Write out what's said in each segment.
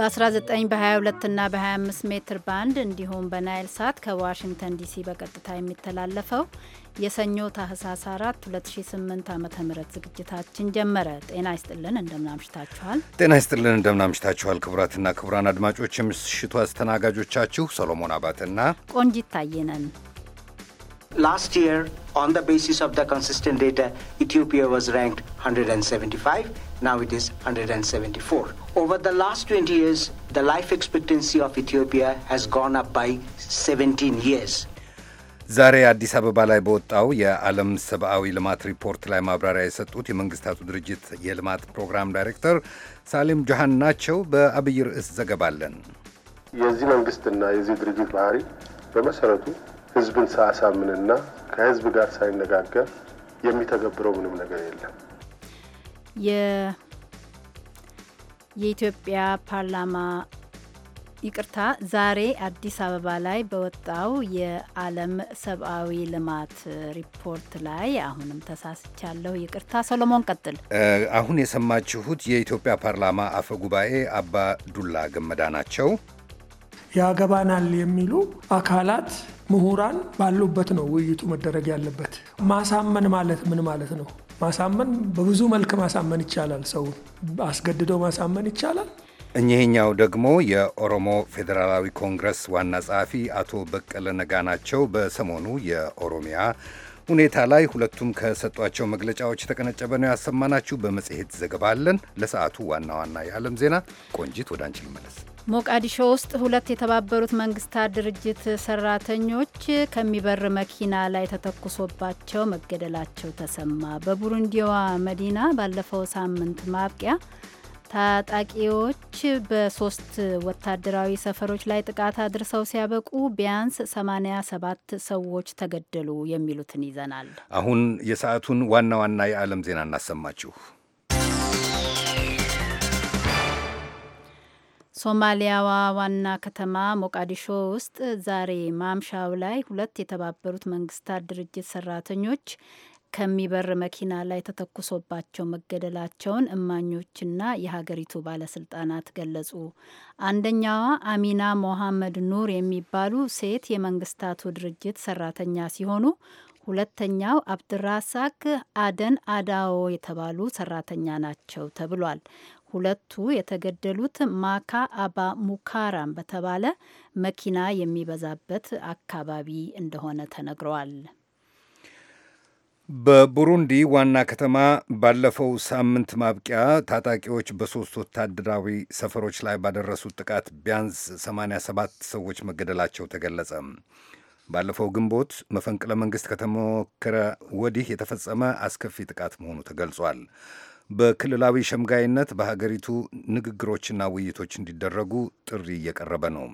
በ19 በ22 እና በ25 ሜትር ባንድ እንዲሁም በናይል ሳት ከዋሽንግተን ዲሲ በቀጥታ የሚተላለፈው የሰኞ ታህሳስ 4 2008 ዓ ም ዝግጅታችን ጀመረ። ጤና ይስጥልን፣ እንደምናምሽታችኋል። ጤና ይስጥልን፣ እንደምናምሽታችኋል። ክቡራትና ክቡራን አድማጮች የምሽቱ አስተናጋጆቻችሁ ሰሎሞን አባትና ቆንጂት ታየነን Last year, on the basis of the consistent data, Ethiopia was ranked 175. Now it is 174. Over the last 20 years, the life expectancy of Ethiopia has gone up by 17 years. ዛሬ አዲስ አበባ ላይ በወጣው የዓለም ሰብአዊ ልማት ሪፖርት ላይ ማብራሪያ የሰጡት የመንግስታቱ ድርጅት የልማት ፕሮግራም ዳይሬክተር ሳሌም ጆሃን ናቸው። በአብይ ርዕስ ዘገባለን። የዚህ መንግስትና የዚህ ድርጅት ባህሪ በመሰረቱ ህዝብን ሳያሳምንና ከህዝብ ጋር ሳይነጋገር የሚተገብረው ምንም ነገር የለም። የኢትዮጵያ ፓርላማ ይቅርታ፣ ዛሬ አዲስ አበባ ላይ በወጣው የዓለም ሰብአዊ ልማት ሪፖርት ላይ አሁንም ተሳስቻለሁ፣ ይቅርታ። ሰሎሞን ቀጥል። አሁን የሰማችሁት የኢትዮጵያ ፓርላማ አፈ ጉባኤ አባ ዱላ ገመዳ ናቸው። ያገባናል የሚሉ አካላት ምሁራን ባሉበት ነው ውይይቱ መደረግ ያለበት። ማሳመን ማለት ምን ማለት ነው? ማሳመን በብዙ መልክ ማሳመን ይቻላል። ሰው አስገድዶ ማሳመን ይቻላል። እኚህኛው ደግሞ የኦሮሞ ፌዴራላዊ ኮንግረስ ዋና ጸሐፊ አቶ በቀለ ነጋ ናቸው። በሰሞኑ የኦሮሚያ ሁኔታ ላይ ሁለቱም ከሰጧቸው መግለጫዎች የተቀነጨበ ነው ያሰማናችሁ። በመጽሔት ዘገባ አለን። ለሰዓቱ ዋና ዋና የዓለም ዜና ቆንጂት፣ ወደ አንቺ ልመለስ። ሞቃዲሾ ውስጥ ሁለት የተባበሩት መንግስታት ድርጅት ሰራተኞች ከሚበር መኪና ላይ ተተኩሶባቸው መገደላቸው ተሰማ። በቡሩንዲዋ መዲና ባለፈው ሳምንት ማብቂያ ታጣቂዎች በሶስት ወታደራዊ ሰፈሮች ላይ ጥቃት አድርሰው ሲያበቁ ቢያንስ 87 ሰዎች ተገደሉ። የሚሉትን ይዘናል። አሁን የሰዓቱን ዋና ዋና የዓለም ዜና እናሰማችሁ። ሶማሊያዋ ዋና ከተማ ሞቃዲሾ ውስጥ ዛሬ ማምሻው ላይ ሁለት የተባበሩት መንግስታት ድርጅት ሰራተኞች ከሚበር መኪና ላይ ተተኩሶባቸው መገደላቸውን እማኞችና የሀገሪቱ ባለስልጣናት ገለጹ። አንደኛዋ አሚና ሞሐመድ ኑር የሚባሉ ሴት የመንግስታቱ ድርጅት ሰራተኛ ሲሆኑ ሁለተኛው አብድራሳክ አደን አዳዎ የተባሉ ሰራተኛ ናቸው ተብሏል። ሁለቱ የተገደሉት ማካ አባ ሙካራም በተባለ መኪና የሚበዛበት አካባቢ እንደሆነ ተነግረዋል። በቡሩንዲ ዋና ከተማ ባለፈው ሳምንት ማብቂያ ታጣቂዎች በሦስት ወታደራዊ ሰፈሮች ላይ ባደረሱት ጥቃት ቢያንስ 87 ሰዎች መገደላቸው ተገለጸ። ባለፈው ግንቦት መፈንቅለ መንግሥት ከተሞከረ ወዲህ የተፈጸመ አስከፊ ጥቃት መሆኑ ተገልጿል። በክልላዊ ሸምጋይነት በሀገሪቱ ንግግሮችና ውይይቶች እንዲደረጉ ጥሪ እየቀረበ ነው።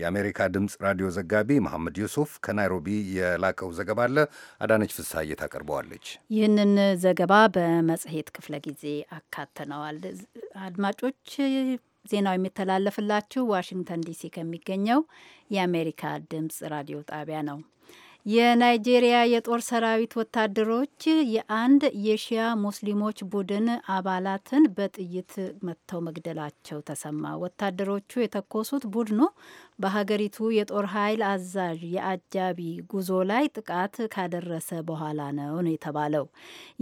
የአሜሪካ ድምፅ ራዲዮ ዘጋቢ መሐመድ ዩሱፍ ከናይሮቢ የላከው ዘገባ አለ። አዳነች ፍሳ ታቀርበዋለች። ይህንን ዘገባ በመጽሔት ክፍለ ጊዜ አካተነዋል። አድማጮች፣ ዜናው የሚተላለፍላችሁ ዋሽንግተን ዲሲ ከሚገኘው የአሜሪካ ድምፅ ራዲዮ ጣቢያ ነው። የናይጄሪያ የጦር ሰራዊት ወታደሮች የአንድ የሺያ ሙስሊሞች ቡድን አባላትን በጥይት መጥተው መግደላቸው ተሰማ። ወታደሮቹ የተኮሱት ቡድኑ በሀገሪቱ የጦር ኃይል አዛዥ የአጃቢ ጉዞ ላይ ጥቃት ካደረሰ በኋላ ነው ነው የተባለው።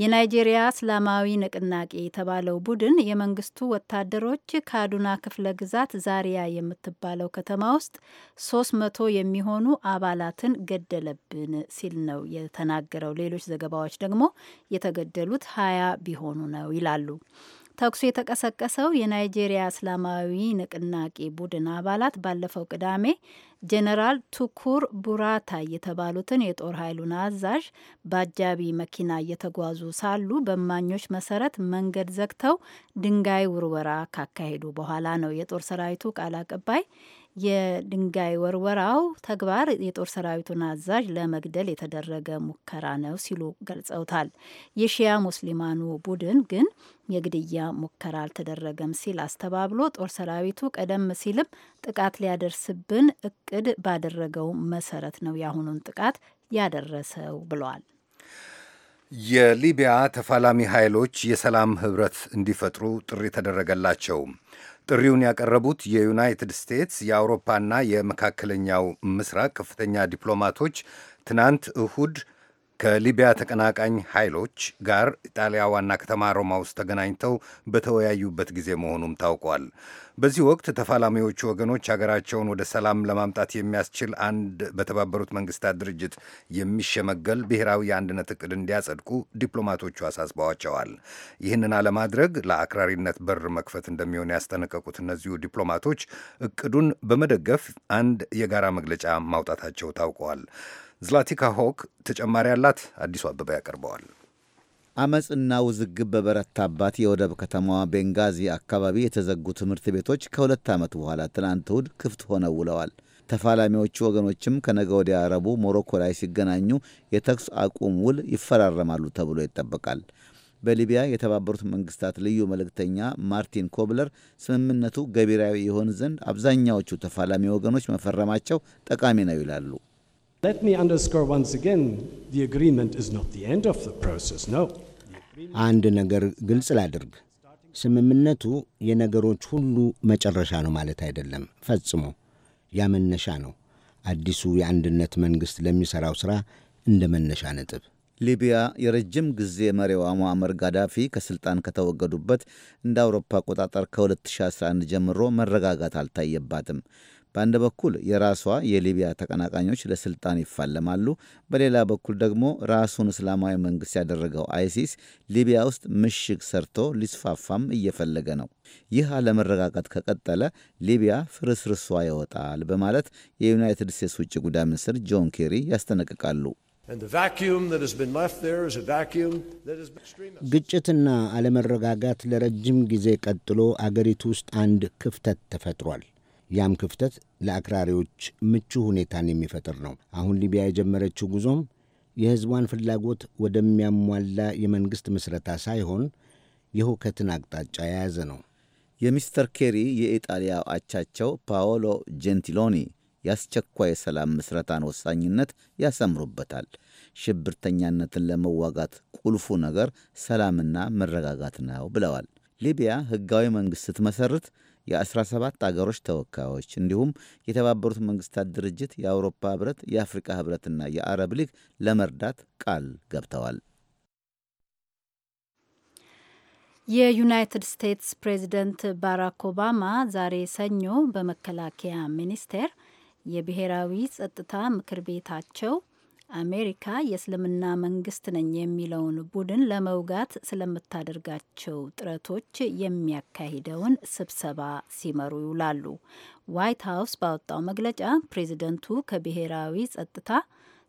የናይጄሪያ እስላማዊ ንቅናቄ የተባለው ቡድን የመንግስቱ ወታደሮች ካዱና ክፍለ ግዛት ዛሪያ የምትባለው ከተማ ውስጥ ሶስት መቶ የሚሆኑ አባላትን ገደለብን ሲል ነው የተናገረው። ሌሎች ዘገባዎች ደግሞ የተገደሉት ሀያ ቢሆኑ ነው ይላሉ። ተኩሱ የተቀሰቀሰው የናይጄሪያ እስላማዊ ንቅናቄ ቡድን አባላት ባለፈው ቅዳሜ ጄኔራል ቱኩር ቡራታ የተባሉትን የጦር ኃይሉን አዛዥ በአጃቢ መኪና እየተጓዙ ሳሉ በማኞች መሰረት መንገድ ዘግተው ድንጋይ ውርወራ ካካሄዱ በኋላ ነው። የጦር ሰራዊቱ ቃል አቀባይ የድንጋይ ወርወራው ተግባር የጦር ሰራዊቱን አዛዥ ለመግደል የተደረገ ሙከራ ነው ሲሉ ገልጸውታል። የሺያ ሙስሊማኑ ቡድን ግን የግድያ ሙከራ አልተደረገም ሲል አስተባብሎ ጦር ሰራዊቱ ቀደም ሲልም ጥቃት ሊያደርስብን እቅድ ባደረገው መሰረት ነው የአሁኑን ጥቃት ያደረሰው ብለዋል። የሊቢያ ተፋላሚ ኃይሎች የሰላም ህብረት እንዲፈጥሩ ጥሪ ተደረገላቸው። ጥሪውን ያቀረቡት የዩናይትድ ስቴትስ የአውሮፓና የመካከለኛው ምስራቅ ከፍተኛ ዲፕሎማቶች ትናንት እሁድ ከሊቢያ ተቀናቃኝ ኃይሎች ጋር ኢጣሊያ ዋና ከተማ ሮማ ውስጥ ተገናኝተው በተወያዩበት ጊዜ መሆኑም ታውቋል። በዚህ ወቅት ተፋላሚዎቹ ወገኖች ሀገራቸውን ወደ ሰላም ለማምጣት የሚያስችል አንድ በተባበሩት መንግስታት ድርጅት የሚሸመገል ብሔራዊ የአንድነት እቅድ እንዲያጸድቁ ዲፕሎማቶቹ አሳስበዋቸዋል። ይህንን አለማድረግ ለአክራሪነት በር መክፈት እንደሚሆን ያስጠነቀቁት እነዚሁ ዲፕሎማቶች እቅዱን በመደገፍ አንድ የጋራ መግለጫ ማውጣታቸው ታውቀዋል። ዝላቲካ ሆክ ተጨማሪ አላት። አዲሱ አበባ ያቀርበዋል። አመፅና ውዝግብ በበረታባት የወደብ ከተማዋ ቤንጋዚ አካባቢ የተዘጉ ትምህርት ቤቶች ከሁለት ዓመት በኋላ ትናንት እሁድ ክፍት ሆነው ውለዋል። ተፋላሚዎቹ ወገኖችም ከነገ ወዲያ አረቡ ሞሮኮ ላይ ሲገናኙ የተኩስ አቁም ውል ይፈራረማሉ ተብሎ ይጠበቃል። በሊቢያ የተባበሩት መንግስታት ልዩ መልእክተኛ ማርቲን ኮብለር ስምምነቱ ገቢራዊ ይሆን ዘንድ አብዛኛዎቹ ተፋላሚ ወገኖች መፈረማቸው ጠቃሚ ነው ይላሉ። አንድ ነገር ግልጽ ላድርግ። ስምምነቱ የነገሮች ሁሉ መጨረሻ ነው ማለት አይደለም፣ ፈጽሞ። ያ መነሻ ነው። አዲሱ የአንድነት መንግሥት ለሚሠራው ሥራ እንደ መነሻ ነጥብ ሊቢያ የረጅም ጊዜ መሪዋ ሙአመር ጋዳፊ ከስልጣን ከተወገዱበት እንደ አውሮፓ አቆጣጠር ከ2011 ጀምሮ መረጋጋት አልታየባትም። በአንድ በኩል የራሷ የሊቢያ ተቀናቃኞች ለስልጣን ይፋለማሉ፣ በሌላ በኩል ደግሞ ራሱን እስላማዊ መንግስት ያደረገው አይሲስ ሊቢያ ውስጥ ምሽግ ሰርቶ ሊስፋፋም እየፈለገ ነው። ይህ አለመረጋጋት ከቀጠለ ሊቢያ ፍርስርሷ ይወጣል በማለት የዩናይትድ ስቴትስ ውጭ ጉዳይ ሚኒስትር ጆን ኬሪ ያስጠነቅቃሉ። ግጭትና አለመረጋጋት ለረጅም ጊዜ ቀጥሎ አገሪቱ ውስጥ አንድ ክፍተት ተፈጥሯል። ያም ክፍተት ለአክራሪዎች ምቹ ሁኔታን የሚፈጥር ነው። አሁን ሊቢያ የጀመረችው ጉዞም የሕዝቧን ፍላጎት ወደሚያሟላ የመንግሥት ምስረታ ሳይሆን የሁከትን አቅጣጫ የያዘ ነው። የሚስተር ኬሪ የኢጣሊያ አቻቸው ፓዎሎ ጀንቲሎኒ የአስቸኳይ የሰላም ምስረታን ወሳኝነት ያሰምሩበታል። ሽብርተኛነትን ለመዋጋት ቁልፉ ነገር ሰላምና መረጋጋት ነው ብለዋል። ሊቢያ ሕጋዊ መንግሥት ስትመሠርት የ17 አገሮች ተወካዮች እንዲሁም የተባበሩት መንግስታት ድርጅት፣ የአውሮፓ ህብረት፣ የአፍሪካ ህብረትና የአረብ ሊግ ለመርዳት ቃል ገብተዋል። የዩናይትድ ስቴትስ ፕሬዚደንት ባራክ ኦባማ ዛሬ ሰኞ በመከላከያ ሚኒስቴር የብሔራዊ ጸጥታ ምክር ቤታቸው አሜሪካ የእስልምና መንግስት ነኝ የሚለውን ቡድን ለመውጋት ስለምታደርጋቸው ጥረቶች የሚያካሂደውን ስብሰባ ሲመሩ ይውላሉ። ዋይት ሀውስ ባወጣው መግለጫ ፕሬዚደንቱ ከብሔራዊ ጸጥታ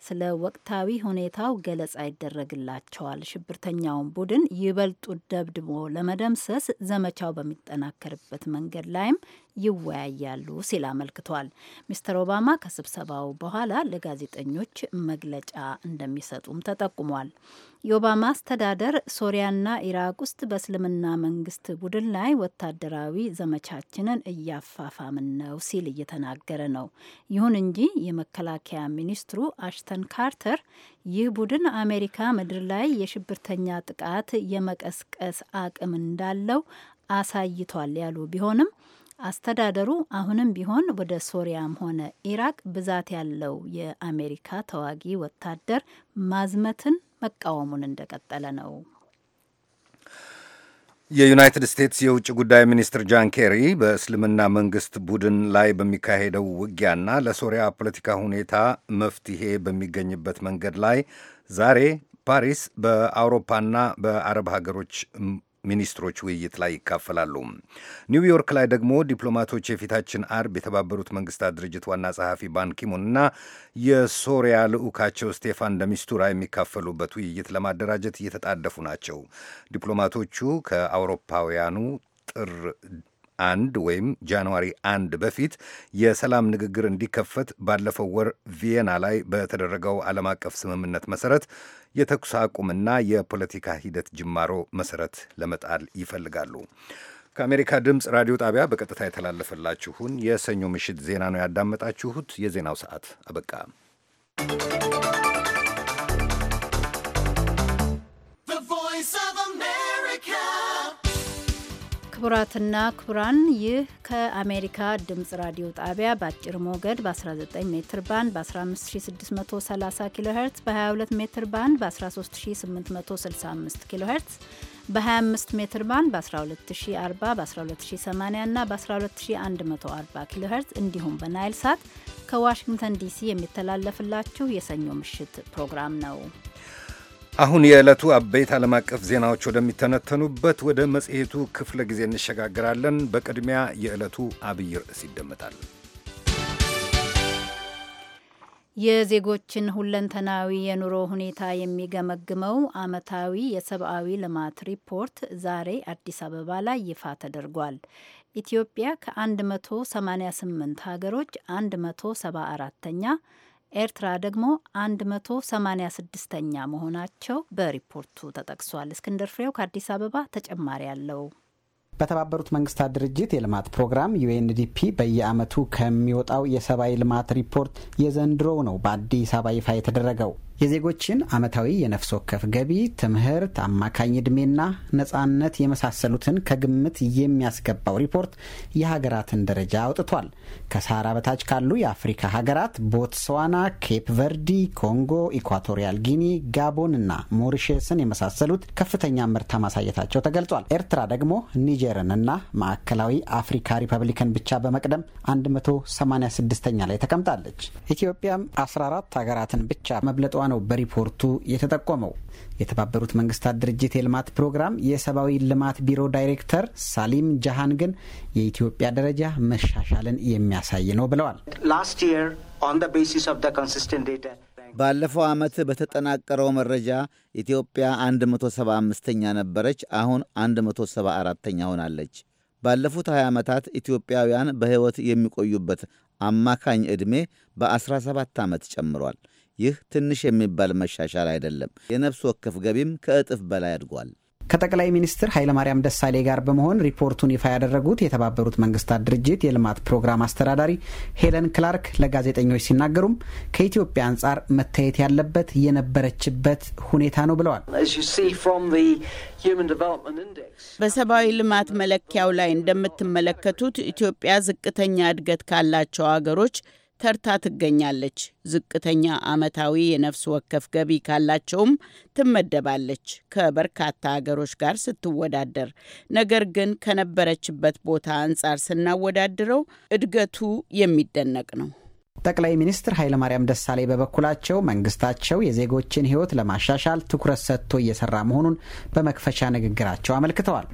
ስለ ወቅታዊ ሁኔታው ገለጻ ይደረግላቸዋል። ሽብርተኛውን ቡድን ይበልጡ ደብድቦ ለመደምሰስ ዘመቻው በሚጠናከርበት መንገድ ላይም ይወያያሉ ሲል አመልክቷል። ሚስተር ኦባማ ከስብሰባው በኋላ ለጋዜጠኞች መግለጫ እንደሚሰጡም ተጠቁሟል። የኦባማ አስተዳደር ሶሪያና ኢራቅ ውስጥ በእስልምና መንግስት ቡድን ላይ ወታደራዊ ዘመቻችንን እያፋፋምን ነው ሲል እየተናገረ ነው። ይሁን እንጂ የመከላከያ ሚኒስትሩ አሽተን ካርተር ይህ ቡድን አሜሪካ ምድር ላይ የሽብርተኛ ጥቃት የመቀስቀስ አቅም እንዳለው አሳይቷል ያሉ ቢሆንም አስተዳደሩ አሁንም ቢሆን ወደ ሶሪያም ሆነ ኢራቅ ብዛት ያለው የአሜሪካ ተዋጊ ወታደር ማዝመትን መቃወሙን እንደቀጠለ ነው። የዩናይትድ ስቴትስ የውጭ ጉዳይ ሚኒስትር ጃን ኬሪ በእስልምና መንግስት ቡድን ላይ በሚካሄደው ውጊያና ለሶሪያ ፖለቲካ ሁኔታ መፍትሄ በሚገኝበት መንገድ ላይ ዛሬ ፓሪስ በአውሮፓና በአረብ ሀገሮች ሚኒስትሮች ውይይት ላይ ይካፈላሉ። ኒውዮርክ ላይ ደግሞ ዲፕሎማቶች የፊታችን አርብ የተባበሩት መንግስታት ድርጅት ዋና ጸሐፊ ባንኪሙንና የሶሪያ ልዑካቸው ስቴፋን ደሚስቱራ የሚካፈሉበት ውይይት ለማደራጀት እየተጣደፉ ናቸው። ዲፕሎማቶቹ ከአውሮፓውያኑ ጥር አንድ ወይም ጃንዋሪ አንድ በፊት የሰላም ንግግር እንዲከፈት ባለፈው ወር ቪየና ላይ በተደረገው ዓለም አቀፍ ስምምነት መሰረት የተኩስ አቁምና የፖለቲካ ሂደት ጅማሮ መሰረት ለመጣል ይፈልጋሉ። ከአሜሪካ ድምፅ ራዲዮ ጣቢያ በቀጥታ የተላለፈላችሁን የሰኞ ምሽት ዜና ነው ያዳመጣችሁት። የዜናው ሰዓት አበቃ። ክቡራትና ክቡራን ይህ ከአሜሪካ ድምጽ ራዲዮ ጣቢያ በአጭር ሞገድ በ19 ሜትር ባንድ በ15630 ኪሎ ሄርትስ በ22 ሜትር ባንድ በ13865 ኪሎ ሄርትስ በ25 ሜትር ባንድ በ 1240 በ 1280 እና በ12140 ኪሎ ሄርትስ እንዲሁም በናይል ሳት ከዋሽንግተን ዲሲ የሚተላለፍላችሁ የሰኞ ምሽት ፕሮግራም ነው። አሁን የዕለቱ አበይት ዓለም አቀፍ ዜናዎች ወደሚተነተኑበት ወደ መጽሔቱ ክፍለ ጊዜ እንሸጋግራለን። በቅድሚያ የዕለቱ አብይ ርዕስ ይደመጣል። የዜጎችን ሁለንተናዊ የኑሮ ሁኔታ የሚገመግመው ዓመታዊ የሰብአዊ ልማት ሪፖርት ዛሬ አዲስ አበባ ላይ ይፋ ተደርጓል። ኢትዮጵያ ከ188 ሀገሮች 174ኛ ኤርትራ ደግሞ 186ኛ መሆናቸው በሪፖርቱ ተጠቅሷል። እስክንድር ፍሬው ከአዲስ አበባ ተጨማሪ አለው። በተባበሩት መንግስታት ድርጅት የልማት ፕሮግራም ዩኤንዲፒ በየዓመቱ ከሚወጣው የሰብአዊ ልማት ሪፖርት የዘንድሮው ነው በአዲስ አበባ ይፋ የተደረገው። የዜጎችን ዓመታዊ የነፍስ ወከፍ ገቢ፣ ትምህርት፣ አማካኝ ዕድሜና ነጻነት የመሳሰሉትን ከግምት የሚያስገባው ሪፖርት የሀገራትን ደረጃ አውጥቷል። ከሳህራ በታች ካሉ የአፍሪካ ሀገራት ቦትስዋና፣ ኬፕ ቨርዲ፣ ኮንጎ፣ ኢኳቶሪያል ጊኒ፣ ጋቦን እና ሞሪሽስን የመሳሰሉት ከፍተኛ ምርታ ማሳየታቸው ተገልጿል። ኤርትራ ደግሞ ኒጀርን እና ማዕከላዊ አፍሪካ ሪፐብሊክን ብቻ በመቅደም 186ኛ ላይ ተቀምጣለች። ኢትዮጵያም 14 ሀገራትን ብቻ መብለጧ መቀመጧ ነው በሪፖርቱ የተጠቆመው። የተባበሩት መንግስታት ድርጅት የልማት ፕሮግራም የሰብአዊ ልማት ቢሮ ዳይሬክተር ሳሊም ጃሃን ግን የኢትዮጵያ ደረጃ መሻሻልን የሚያሳይ ነው ብለዋል። ባለፈው ዓመት በተጠናቀረው መረጃ ኢትዮጵያ 175ኛ ነበረች። አሁን 174ኛ ሆናለች። ባለፉት 20 ዓመታት ኢትዮጵያውያን በሕይወት የሚቆዩበት አማካኝ ዕድሜ በ17 ዓመት ጨምሯል። ይህ ትንሽ የሚባል መሻሻል አይደለም። የነፍስ ወከፍ ገቢም ከእጥፍ በላይ አድጓል። ከጠቅላይ ሚኒስትር ኃይለማርያም ደሳሌ ጋር በመሆን ሪፖርቱን ይፋ ያደረጉት የተባበሩት መንግስታት ድርጅት የልማት ፕሮግራም አስተዳዳሪ ሄለን ክላርክ ለጋዜጠኞች ሲናገሩም ከኢትዮጵያ አንጻር መታየት ያለበት የነበረችበት ሁኔታ ነው ብለዋል። በሰብአዊ ልማት መለኪያው ላይ እንደምትመለከቱት ኢትዮጵያ ዝቅተኛ እድገት ካላቸው አገሮች ተርታ ትገኛለች። ዝቅተኛ ዓመታዊ የነፍስ ወከፍ ገቢ ካላቸውም ትመደባለች ከበርካታ አገሮች ጋር ስትወዳደር። ነገር ግን ከነበረችበት ቦታ አንጻር ስናወዳድረው እድገቱ የሚደነቅ ነው። ጠቅላይ ሚኒስትር ኃይለማርያም ደሳሌ በበኩላቸው መንግስታቸው የዜጎችን ህይወት ለማሻሻል ትኩረት ሰጥቶ እየሰራ መሆኑን በመክፈቻ ንግግራቸው አመልክተዋል።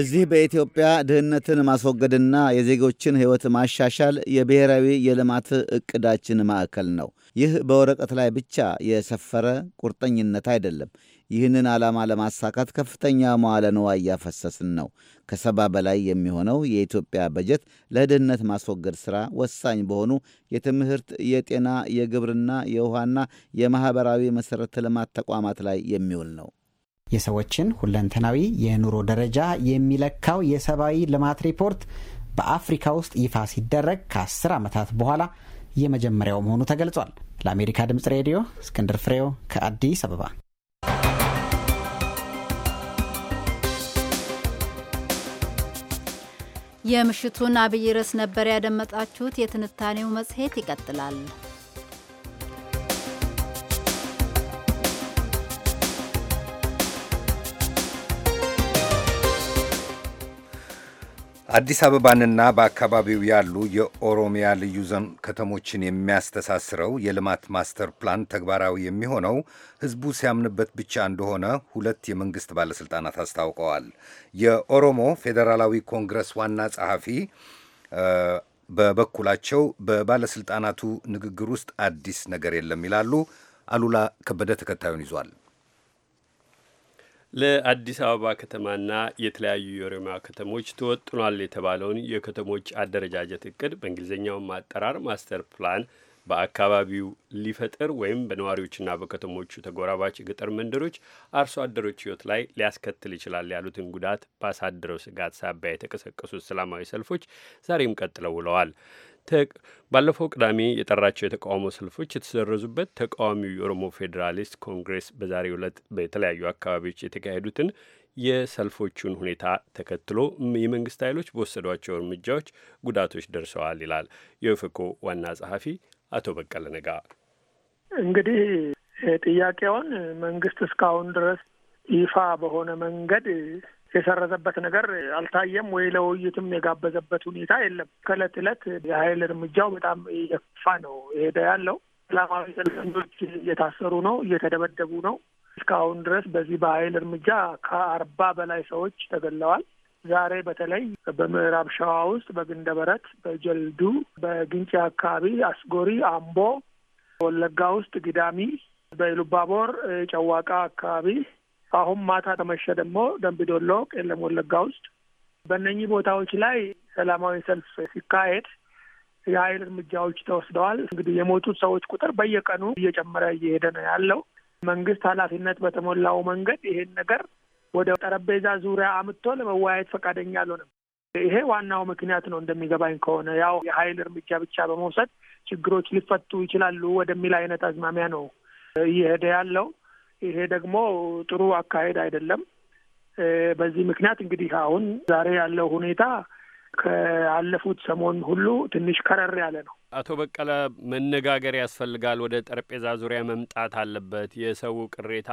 እዚህ በኢትዮጵያ ድህነትን ማስወገድና የዜጎችን ህይወት ማሻሻል የብሔራዊ የልማት እቅዳችን ማዕከል ነው። ይህ በወረቀት ላይ ብቻ የሰፈረ ቁርጠኝነት አይደለም። ይህንን ዓላማ ለማሳካት ከፍተኛ መዋለ ንዋይ እያፈሰስን ነው። ከሰባ በላይ የሚሆነው የኢትዮጵያ በጀት ለድህነት ማስወገድ ሥራ ወሳኝ በሆኑ የትምህርት፣ የጤና፣ የግብርና፣ የውሃና የማኅበራዊ መሠረተ ልማት ተቋማት ላይ የሚውል ነው። የሰዎችን ሁለንተናዊ የኑሮ ደረጃ የሚለካው የሰብአዊ ልማት ሪፖርት በአፍሪካ ውስጥ ይፋ ሲደረግ ከአስር ዓመታት በኋላ የመጀመሪያው መሆኑ ተገልጿል። ለአሜሪካ ድምፅ ሬዲዮ እስክንድር ፍሬው ከአዲስ አበባ የምሽቱን አብይ ርዕስ ነበር ያደመጣችሁት። የትንታኔው መጽሔት ይቀጥላል። አዲስ አበባንና በአካባቢው ያሉ የኦሮሚያ ልዩ ዞን ከተሞችን የሚያስተሳስረው የልማት ማስተር ፕላን ተግባራዊ የሚሆነው ሕዝቡ ሲያምንበት ብቻ እንደሆነ ሁለት የመንግሥት ባለሥልጣናት አስታውቀዋል። የኦሮሞ ፌዴራላዊ ኮንግረስ ዋና ጸሐፊ በበኩላቸው በባለሥልጣናቱ ንግግር ውስጥ አዲስ ነገር የለም ይላሉ። አሉላ ከበደ ተከታዩን ይዟል። ለአዲስ አበባ ከተማና የተለያዩ የኦሮሚያ ከተሞች ተወጥኗል የተባለውን የከተሞች አደረጃጀት እቅድ በእንግሊዝኛው ማጠራር ማስተር ፕላን በአካባቢው ሊፈጥር ወይም በነዋሪዎችና በከተሞቹ ተጎራባች የገጠር መንደሮች አርሶ አደሮች ሕይወት ላይ ሊያስከትል ይችላል ያሉትን ጉዳት ባሳደረው ስጋት ሳቢያ የተቀሰቀሱት ሰላማዊ ሰልፎች ዛሬም ቀጥለው ውለዋል። ባለፈው ቅዳሜ የጠራቸው የተቃውሞ ሰልፎች የተሰረዙበት ተቃዋሚው የኦሮሞ ፌዴራሊስት ኮንግሬስ በዛሬው ዕለት በተለያዩ አካባቢዎች የተካሄዱትን የሰልፎቹን ሁኔታ ተከትሎ የመንግስት ኃይሎች በወሰዷቸው እርምጃዎች ጉዳቶች ደርሰዋል ይላል የኦፌኮ ዋና ጸሐፊ አቶ በቀለ ነጋ። እንግዲህ ጥያቄውን መንግስት እስካሁን ድረስ ይፋ በሆነ መንገድ የሰረዘበት ነገር አልታየም ወይ ለውይይትም የጋበዘበት ሁኔታ የለም። ከእለት እለት የሀይል እርምጃው በጣም እየከፋ ነው ሄደ ያለው። ሰላማዊ ሰልፈኞች እየታሰሩ ነው፣ እየተደበደቡ ነው። እስካሁን ድረስ በዚህ በሀይል እርምጃ ከአርባ በላይ ሰዎች ተገለዋል። ዛሬ በተለይ በምዕራብ ሸዋ ውስጥ በግንደበረት፣ በጀልዱ፣ በግንጭ አካባቢ አስጎሪ፣ አምቦ፣ ወለጋ ውስጥ ግዳሚ፣ በኢሉባቦር ጨዋቃ አካባቢ አሁን ማታ ተመሸ ደግሞ ደንቢ ዶሎ፣ ቄለም ወለጋ ውስጥ በእነኚህ ቦታዎች ላይ ሰላማዊ ሰልፍ ሲካሄድ የኃይል እርምጃዎች ተወስደዋል። እንግዲህ የሞቱት ሰዎች ቁጥር በየቀኑ እየጨመረ እየሄደ ነው ያለው። መንግስት ኃላፊነት በተሞላው መንገድ ይሄን ነገር ወደ ጠረጴዛ ዙሪያ አምጥቶ ለመወያየት ፈቃደኛ አልሆነም። ይሄ ዋናው ምክንያት ነው እንደሚገባኝ ከሆነ ያው የኃይል እርምጃ ብቻ በመውሰድ ችግሮች ሊፈቱ ይችላሉ ወደሚል አይነት አዝማሚያ ነው እየሄደ ያለው። ይሄ ደግሞ ጥሩ አካሄድ አይደለም። በዚህ ምክንያት እንግዲህ አሁን ዛሬ ያለው ሁኔታ ከአለፉት ሰሞን ሁሉ ትንሽ ከረር ያለ ነው። አቶ በቀለ መነጋገር ያስፈልጋል። ወደ ጠረጴዛ ዙሪያ መምጣት አለበት። የሰው ቅሬታ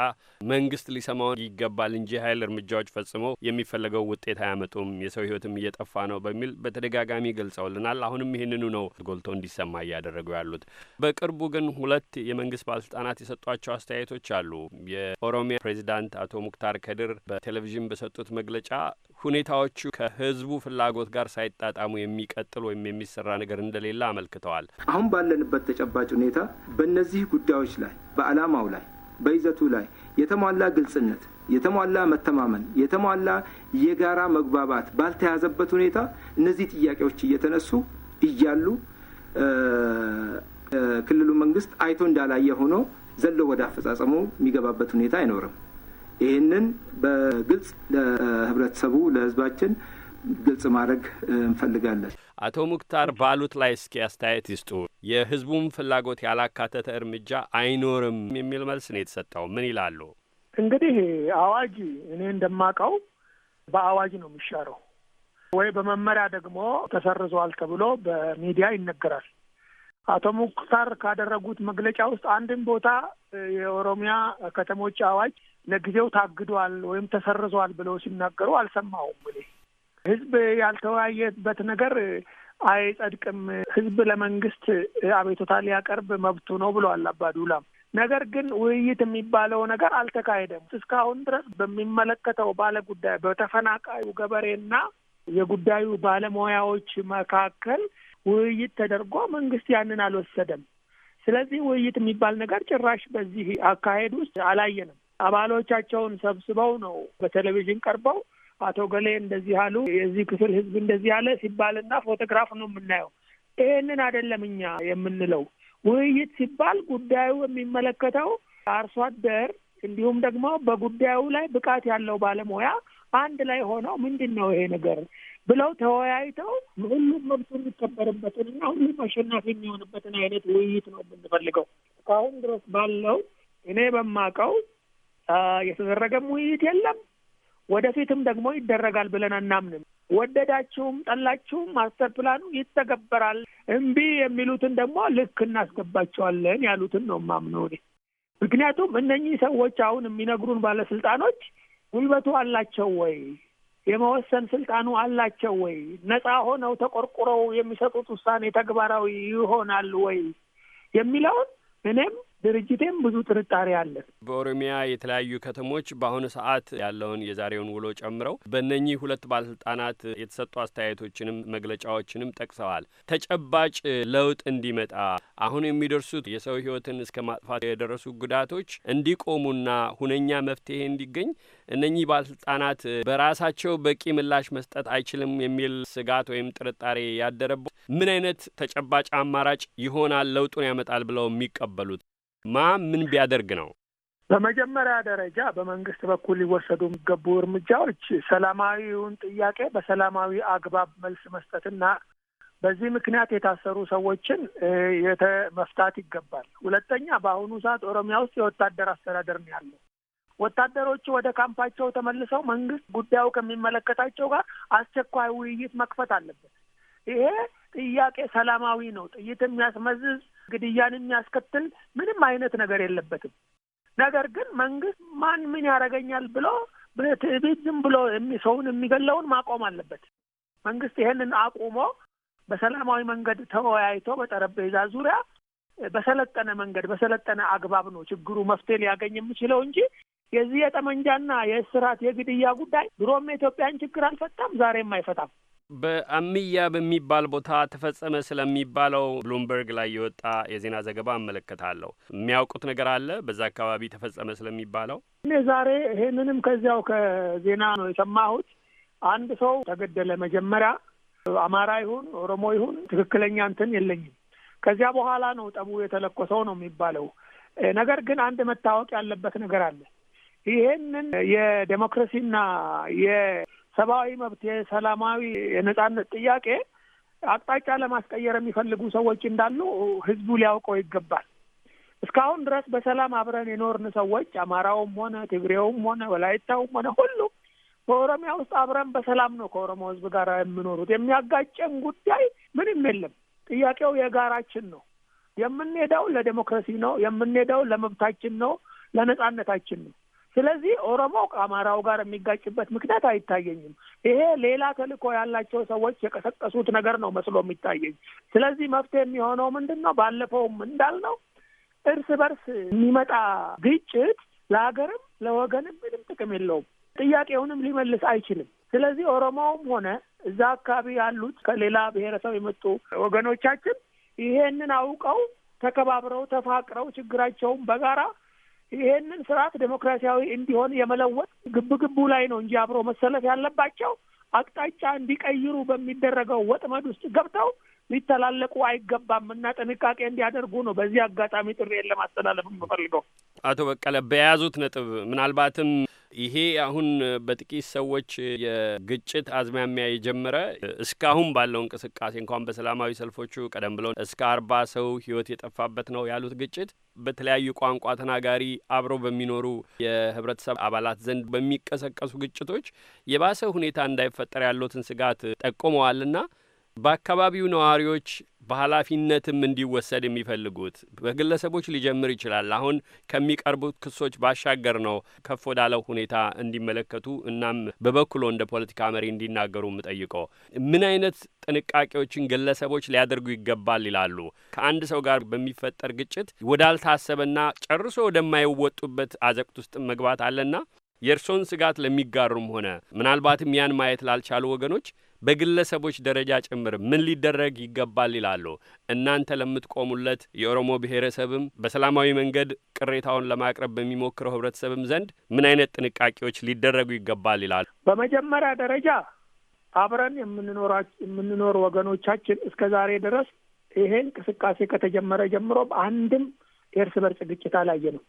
መንግስት ሊሰማው ይገባል እንጂ ኃይል እርምጃዎች ፈጽሞ የሚፈለገው ውጤት አያመጡም፣ የሰው ህይወትም እየጠፋ ነው በሚል በተደጋጋሚ ገልጸውልናል። አሁንም ይህንኑ ነው ጎልቶ እንዲሰማ እያደረጉ ያሉት። በቅርቡ ግን ሁለት የመንግስት ባለስልጣናት የሰጧቸው አስተያየቶች አሉ። የኦሮሚያ ፕሬዚዳንት አቶ ሙክታር ከድር በቴሌቪዥን በሰጡት መግለጫ ሁኔታዎቹ ከህዝቡ ፍላጎት ጋር ሳይጣጣሙ የሚቀጥል ወይም የሚሰራ ነገር እንደሌለ አመልክተዋል። አሁን ባለንበት ተጨባጭ ሁኔታ በእነዚህ ጉዳዮች ላይ በዓላማው ላይ በይዘቱ ላይ የተሟላ ግልጽነት፣ የተሟላ መተማመን፣ የተሟላ የጋራ መግባባት ባልተያዘበት ሁኔታ እነዚህ ጥያቄዎች እየተነሱ እያሉ ክልሉ መንግስት አይቶ እንዳላየ ሆኖ ዘሎ ወደ አፈጻጸሙ የሚገባበት ሁኔታ አይኖርም። ይህንን በግልጽ ለህብረተሰቡ ለህዝባችን ግልጽ ማድረግ እንፈልጋለን። አቶ ሙክታር ባሉት ላይ እስኪ አስተያየት ይስጡ። የህዝቡን ፍላጎት ያላካተተ እርምጃ አይኖርም የሚል መልስ ነው የተሰጠው። ምን ይላሉ? እንግዲህ አዋጅ እኔ እንደማውቀው በአዋጅ ነው የሚሻረው ወይ በመመሪያ ደግሞ ተሰርዟል ተብሎ በሚዲያ ይነገራል። አቶ ሙክታር ካደረጉት መግለጫ ውስጥ አንድም ቦታ የኦሮሚያ ከተሞች አዋጅ ለጊዜው ታግዷል ወይም ተሰርዟል ብለው ሲናገሩ አልሰማሁም። እኔ ህዝብ ያልተወያየበት ነገር አይጸድቅም፣ ህዝብ ለመንግስት አቤቱታ ሊያቀርብ መብቱ ነው ብሏል አባዱላም። ነገር ግን ውይይት የሚባለው ነገር አልተካሄደም። እስካሁን ድረስ በሚመለከተው ባለ ጉዳይ በተፈናቃዩ ገበሬና የጉዳዩ ባለሙያዎች መካከል ውይይት ተደርጎ መንግስት ያንን አልወሰደም። ስለዚህ ውይይት የሚባል ነገር ጭራሽ በዚህ አካሄድ ውስጥ አላየንም። አባሎቻቸውን ሰብስበው ነው በቴሌቪዥን ቀርበው አቶ ገሌ እንደዚህ አሉ፣ የዚህ ክፍል ህዝብ እንደዚህ አለ ሲባልና ፎቶግራፍ ነው የምናየው። ይሄንን አይደለም እኛ የምንለው። ውይይት ሲባል ጉዳዩ የሚመለከተው አርሶ አደር እንዲሁም ደግሞ በጉዳዩ ላይ ብቃት ያለው ባለሙያ አንድ ላይ ሆነው ምንድን ነው ይሄ ነገር ብለው ተወያይተው ሁሉም መብቱ የሚከበርበትን እና ሁሉም አሸናፊ የሚሆንበትን አይነት ውይይት ነው የምንፈልገው። እስካሁን ድረስ ባለው እኔ በማውቀው የተደረገም ውይይት የለም። ወደፊትም ደግሞ ይደረጋል ብለን አናምንም። ወደዳችሁም ጠላችሁም ማስተር ፕላኑ ይተገበራል። እምቢ የሚሉትን ደግሞ ልክ እናስገባቸዋለን ያሉትን ነው የማምነው እኔ። ምክንያቱም እነኚህ ሰዎች አሁን የሚነግሩን ባለስልጣኖች ጉልበቱ አላቸው ወይ? የመወሰን ስልጣኑ አላቸው ወይ? ነፃ ሆነው ተቆርቁረው የሚሰጡት ውሳኔ ተግባራዊ ይሆናል ወይ? የሚለውን እኔም ድርጅቴም ብዙ ጥርጣሬ አለ። በኦሮሚያ የተለያዩ ከተሞች በአሁኑ ሰዓት ያለውን የዛሬውን ውሎ ጨምረው በእነኚህ ሁለት ባለስልጣናት የተሰጡ አስተያየቶችንም መግለጫዎችንም ጠቅሰዋል። ተጨባጭ ለውጥ እንዲመጣ አሁን የሚደርሱት የሰው ህይወትን እስከ ማጥፋት የደረሱ ጉዳቶች እንዲቆሙና ሁነኛ መፍትሄ እንዲገኝ እነኚህ ባለስልጣናት በራሳቸው በቂ ምላሽ መስጠት አይችልም የሚል ስጋት ወይም ጥርጣሬ ያደረቦ ምን አይነት ተጨባጭ አማራጭ ይሆናል ለውጡን ያመጣል ብለው የሚቀበሉት ማ ምን ቢያደርግ ነው? በመጀመሪያ ደረጃ በመንግስት በኩል ሊወሰዱ የሚገቡ እርምጃዎች ሰላማዊውን ጥያቄ በሰላማዊ አግባብ መልስ መስጠትና በዚህ ምክንያት የታሰሩ ሰዎችን መፍታት ይገባል። ሁለተኛ በአሁኑ ሰዓት ኦሮሚያ ውስጥ የወታደር አስተዳደር ነው ያለው። ወታደሮቹ ወደ ካምፓቸው ተመልሰው መንግስት ጉዳዩ ከሚመለከታቸው ጋር አስቸኳይ ውይይት መክፈት አለበት። ይሄ ጥያቄ ሰላማዊ ነው። ጥይት የሚያስመዝዝ ግድያን የሚያስከትል ምንም አይነት ነገር የለበትም። ነገር ግን መንግስት ማን ምን ያደርገኛል ብሎ በትዕቢት ዝም ብሎ ሰውን የሚገለውን ማቆም አለበት። መንግስት ይሄንን አቁሞ በሰላማዊ መንገድ ተወያይቶ በጠረጴዛ ዙሪያ በሰለጠነ መንገድ በሰለጠነ አግባብ ነው ችግሩ መፍትሄ ሊያገኝ የምችለው እንጂ የዚህ የጠመንጃና የእስራት የግድያ ጉዳይ ድሮም የኢትዮጵያን ችግር አልፈታም፣ ዛሬም አይፈታም። በአምያ በሚባል ቦታ ተፈጸመ ስለሚባለው ብሉምበርግ ላይ የወጣ የዜና ዘገባ እመለከታለሁ። የሚያውቁት ነገር አለ በዛ አካባቢ ተፈጸመ ስለሚባለው? እኔ ዛሬ ይሄንንም ከዚያው ከዜና ነው የሰማሁት። አንድ ሰው ተገደለ። መጀመሪያ አማራ ይሁን ኦሮሞ ይሁን ትክክለኛ እንትን የለኝም። ከዚያ በኋላ ነው ጠቡ የተለኮሰው ነው የሚባለው። ነገር ግን አንድ መታወቅ ያለበት ነገር አለ። ይሄንን የዴሞክራሲና ሰብአዊ መብት፣ የሰላማዊ የነጻነት ጥያቄ አቅጣጫ ለማስቀየር የሚፈልጉ ሰዎች እንዳሉ ህዝቡ ሊያውቀው ይገባል። እስካሁን ድረስ በሰላም አብረን የኖርን ሰዎች አማራውም ሆነ ትግሬውም ሆነ ወላይታውም ሆነ ሁሉ በኦሮሚያ ውስጥ አብረን በሰላም ነው ከኦሮሞ ህዝብ ጋር የምኖሩት። የሚያጋጨን ጉዳይ ምንም የለም። ጥያቄው የጋራችን ነው። የምንሄደው ለዴሞክራሲ ነው። የምንሄደው ለመብታችን ነው፣ ለነጻነታችን ነው። ስለዚህ ኦሮሞ ከአማራው ጋር የሚጋጭበት ምክንያት አይታየኝም። ይሄ ሌላ ተልእኮ ያላቸው ሰዎች የቀሰቀሱት ነገር ነው መስሎ የሚታየኝ። ስለዚህ መፍትሄ የሚሆነው ምንድን ነው? ባለፈውም እንዳልነው እርስ በርስ የሚመጣ ግጭት ለሀገርም ለወገንም ምንም ጥቅም የለውም። ጥያቄውንም ሊመልስ አይችልም። ስለዚህ ኦሮሞውም ሆነ እዛ አካባቢ ያሉት ከሌላ ብሔረሰብ የመጡ ወገኖቻችን ይሄንን አውቀው ተከባብረው ተፋቅረው ችግራቸውን በጋራ ይሄንን ስርዓት ዴሞክራሲያዊ እንዲሆን የመለወጥ ግብግቡ ላይ ነው እንጂ አብሮ መሰለፍ ያለባቸው አቅጣጫ እንዲቀይሩ በሚደረገው ወጥመድ ውስጥ ገብተው ሊተላለቁ አይገባም እና ጥንቃቄ እንዲያደርጉ ነው በዚህ አጋጣሚ ጥሪ ለማስተላለፍ የምፈልገው። አቶ በቀለ በያዙት ነጥብ ምናልባትም ይሄ አሁን በጥቂት ሰዎች የግጭት አዝማሚያ የጀመረ እስካሁን ባለው እንቅስቃሴ እንኳን በሰላማዊ ሰልፎቹ ቀደም ብሎ እስከ አርባ ሰው ህይወት የጠፋበት ነው ያሉት ግጭት በተለያዩ ቋንቋ ተናጋሪ አብረው በሚኖሩ የህብረተሰብ አባላት ዘንድ በሚቀሰቀሱ ግጭቶች የባሰ ሁኔታ እንዳይፈጠር ያሉትን ስጋት ጠቁመዋልና በአካባቢው ነዋሪዎች በኃላፊነትም እንዲወሰድ የሚፈልጉት በግለሰቦች ሊጀምር ይችላል። አሁን ከሚቀርቡት ክሶች ባሻገር ነው ከፍ ወዳለው ሁኔታ እንዲመለከቱ እናም በበኩሎ እንደ ፖለቲካ መሪ እንዲናገሩ የምጠይቀው ምን አይነት ጥንቃቄዎችን ግለሰቦች ሊያደርጉ ይገባል ይላሉ? ከአንድ ሰው ጋር በሚፈጠር ግጭት ወዳልታሰበና ጨርሶ ወደማይወጡበት አዘቅት ውስጥ መግባት አለና የእርሶን ስጋት ለሚጋሩም ሆነ ምናልባትም ያን ማየት ላልቻሉ ወገኖች በግለሰቦች ደረጃ ጭምር ምን ሊደረግ ይገባል ይላሉ። እናንተ ለምትቆሙለት የኦሮሞ ብሔረሰብም በሰላማዊ መንገድ ቅሬታውን ለማቅረብ በሚሞክረው ህብረተሰብም ዘንድ ምን አይነት ጥንቃቄዎች ሊደረጉ ይገባል ይላሉ። በመጀመሪያ ደረጃ አብረን የምንኖር ወገኖቻችን እስከ ዛሬ ድረስ ይሄ እንቅስቃሴ ከተጀመረ ጀምሮ በአንድም የእርስ በርስ ግጭት ነው።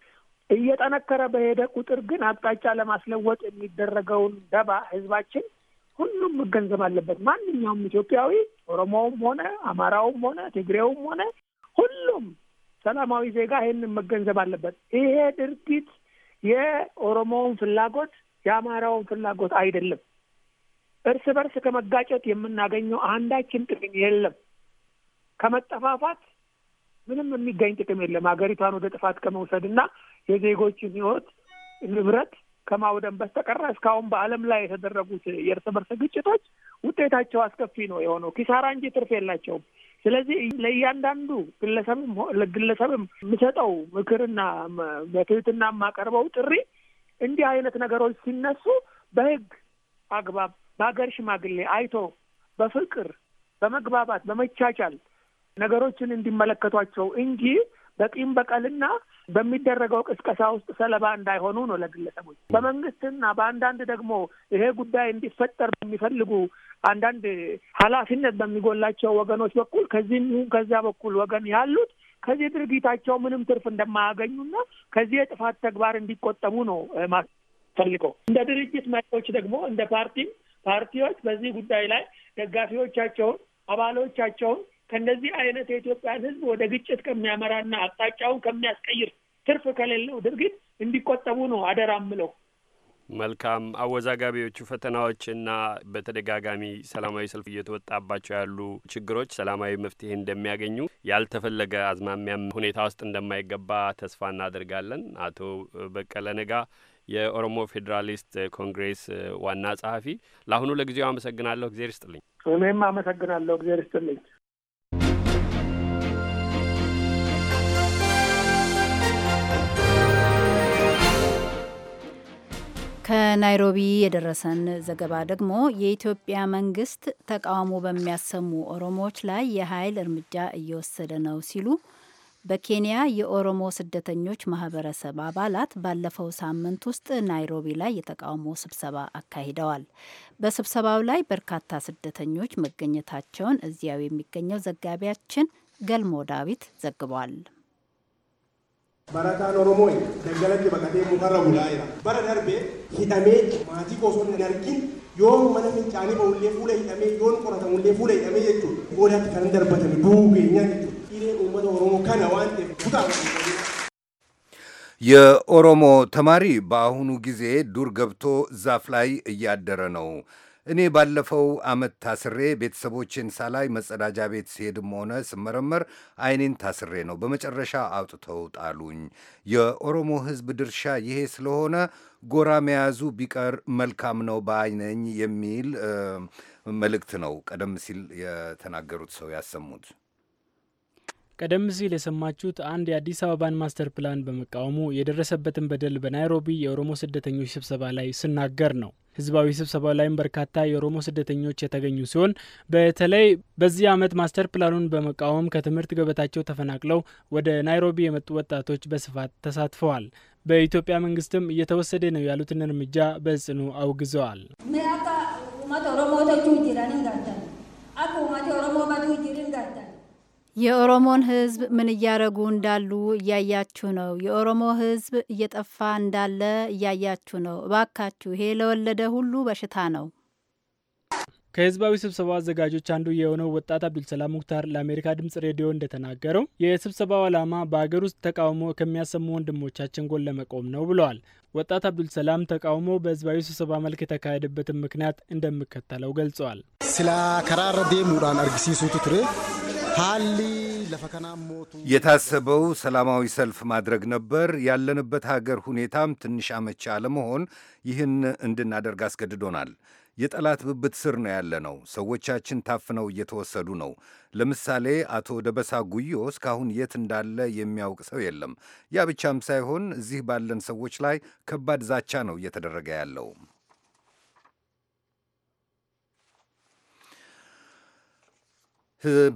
እየጠነከረ በሄደ ቁጥር ግን አቅጣጫ ለማስለወጥ የሚደረገውን ደባ ህዝባችን ሁሉም መገንዘብ አለበት። ማንኛውም ኢትዮጵያዊ ኦሮሞውም ሆነ አማራውም ሆነ ትግሬውም ሆነ ሁሉም ሰላማዊ ዜጋ ይህንን መገንዘብ አለበት። ይሄ ድርጊት የኦሮሞውን ፍላጎት የአማራውን ፍላጎት አይደለም። እርስ በርስ ከመጋጨት የምናገኘው አንዳችን ጥቅም የለም። ከመጠፋፋት ምንም የሚገኝ ጥቅም የለም። ሀገሪቷን ወደ ጥፋት ከመውሰድ እና የዜጎችን ሕይወት ንብረት ከማውደም በስተቀር እስካሁን በዓለም ላይ የተደረጉት የእርስ በርስ ግጭቶች ውጤታቸው አስከፊ ነው የሆነው፣ ኪሳራ እንጂ ትርፍ የላቸውም። ስለዚህ ለእያንዳንዱ ግለሰብም ለግለሰብም የምሰጠው ምክርና በትህትና የማቀርበው ጥሪ እንዲህ አይነት ነገሮች ሲነሱ በህግ አግባብ በሀገር ሽማግሌ አይቶ በፍቅር በመግባባት በመቻቻል ነገሮችን እንዲመለከቷቸው እንጂ በቂም በቀልና በሚደረገው ቅስቀሳ ውስጥ ሰለባ እንዳይሆኑ ነው ለግለሰቦች። በመንግስትና በአንዳንድ ደግሞ ይሄ ጉዳይ እንዲፈጠር በሚፈልጉ አንዳንድ ኃላፊነት በሚጎላቸው ወገኖች በኩል ከዚህም ይሁን ከዚያ በኩል ወገን ያሉት ከዚህ ድርጊታቸው ምንም ትርፍ እንደማያገኙና ከዚህ የጥፋት ተግባር እንዲቆጠቡ ነው ማስፈልገው። እንደ ድርጅት መሪዎች ደግሞ እንደ ፓርቲም ፓርቲዎች በዚህ ጉዳይ ላይ ደጋፊዎቻቸውን፣ አባሎቻቸውን ከእንደዚህ አይነት የኢትዮጵያን ህዝብ ወደ ግጭት ከሚያመራና አቅጣጫውን ከሚያስቀይር ትርፍ ከሌለው ድርጊት እንዲቆጠቡ ነው አደራ ምለው። መልካም አወዛጋቢዎቹ ፈተናዎችና በተደጋጋሚ ሰላማዊ ሰልፍ እየተወጣባቸው ያሉ ችግሮች ሰላማዊ መፍትሄ እንደሚያገኙ ያልተፈለገ አዝማሚያም ሁኔታ ውስጥ እንደማይገባ ተስፋ እናደርጋለን። አቶ በቀለ ነጋ የኦሮሞ ፌዴራሊስት ኮንግሬስ ዋና ጸሐፊ፣ ለአሁኑ ለጊዜው አመሰግናለሁ። እግዜር ይስጥልኝ። እኔም አመሰግናለሁ። እግዜር ይስጥልኝ። ከናይሮቢ የደረሰን ዘገባ ደግሞ የኢትዮጵያ መንግስት ተቃውሞ በሚያሰሙ ኦሮሞዎች ላይ የኃይል እርምጃ እየወሰደ ነው ሲሉ በኬንያ የኦሮሞ ስደተኞች ማህበረሰብ አባላት ባለፈው ሳምንት ውስጥ ናይሮቢ ላይ የተቃውሞ ስብሰባ አካሂደዋል። በስብሰባው ላይ በርካታ ስደተኞች መገኘታቸውን እዚያው የሚገኘው ዘጋቢያችን ገልሞ ዳዊት ዘግቧል። barataan Oromoo daggalatti baqatee mukarra bulaa jira. Bara darbee hidhamee maatii osoo hin argin yoon mana fincaanii bahullee fuula hidhamee yoon qoratamullee fuula hidhamee jechuudha. Goodaatti kan darbatame du'uu keenyaa jechuudha. Dhireen uummata Oromoo kana waan ta'eef butaa የኦሮሞ ተማሪ በአሁኑ ጊዜ ዱር ገብቶ ዛፍ ላይ እያደረ ነው። እኔ ባለፈው ዓመት ታስሬ ቤተሰቦቼን ሳላይ መጸዳጃ ቤት ሲሄድም ሆነ ስመረመር አይኔን ታስሬ ነው። በመጨረሻ አውጥተው ጣሉኝ። የኦሮሞ ሕዝብ ድርሻ ይሄ ስለሆነ ጎራ መያዙ ቢቀር መልካም ነው በአይነኝ የሚል መልእክት ነው ቀደም ሲል የተናገሩት ሰው ያሰሙት። ቀደም ሲል የሰማችሁት አንድ የአዲስ አበባን ማስተር ፕላን በመቃወሙ የደረሰበትን በደል በናይሮቢ የኦሮሞ ስደተኞች ስብሰባ ላይ ስናገር ነው። ህዝባዊ ስብሰባ ላይም በርካታ የኦሮሞ ስደተኞች የተገኙ ሲሆን በተለይ በዚህ ዓመት ማስተር ፕላኑን በመቃወም ከትምህርት ገበታቸው ተፈናቅለው ወደ ናይሮቢ የመጡ ወጣቶች በስፋት ተሳትፈዋል። በኢትዮጵያ መንግስትም እየተወሰደ ነው ያሉትን እርምጃ በጽኑ አውግዘዋል። የኦሮሞን ህዝብ ምን እያረጉ እንዳሉ እያያችሁ ነው። የኦሮሞ ህዝብ እየጠፋ እንዳለ እያያችሁ ነው። እባካችሁ ይሄ ለወለደ ሁሉ በሽታ ነው። ከህዝባዊ ስብሰባ አዘጋጆች አንዱ የሆነው ወጣት አብዱልሰላም ሙክታር ለአሜሪካ ድምጽ ሬዲዮ እንደተናገረው የስብሰባው ዓላማ በሀገር ውስጥ ተቃውሞ ከሚያሰሙ ወንድሞቻችን ጎን ለመቆም ነው ብለዋል። ወጣት አብዱልሰላም ተቃውሞ በህዝባዊ ስብሰባ መልክ የተካሄደበትን ምክንያት እንደሚከተለው ገልጸዋል። ስለ ከራረ ደሙዳን አርግሲሱቱ ቱሬ የታሰበው ሰላማዊ ሰልፍ ማድረግ ነበር። ያለንበት ሀገር ሁኔታም ትንሽ አመቺ አለመሆን ይህን እንድናደርግ አስገድዶናል። የጠላት ብብት ስር ነው ያለነው። ሰዎቻችን ታፍነው እየተወሰዱ ነው። ለምሳሌ አቶ ደበሳ ጉዮ እስካሁን የት እንዳለ የሚያውቅ ሰው የለም። ያ ብቻም ሳይሆን እዚህ ባለን ሰዎች ላይ ከባድ ዛቻ ነው እየተደረገ ያለው።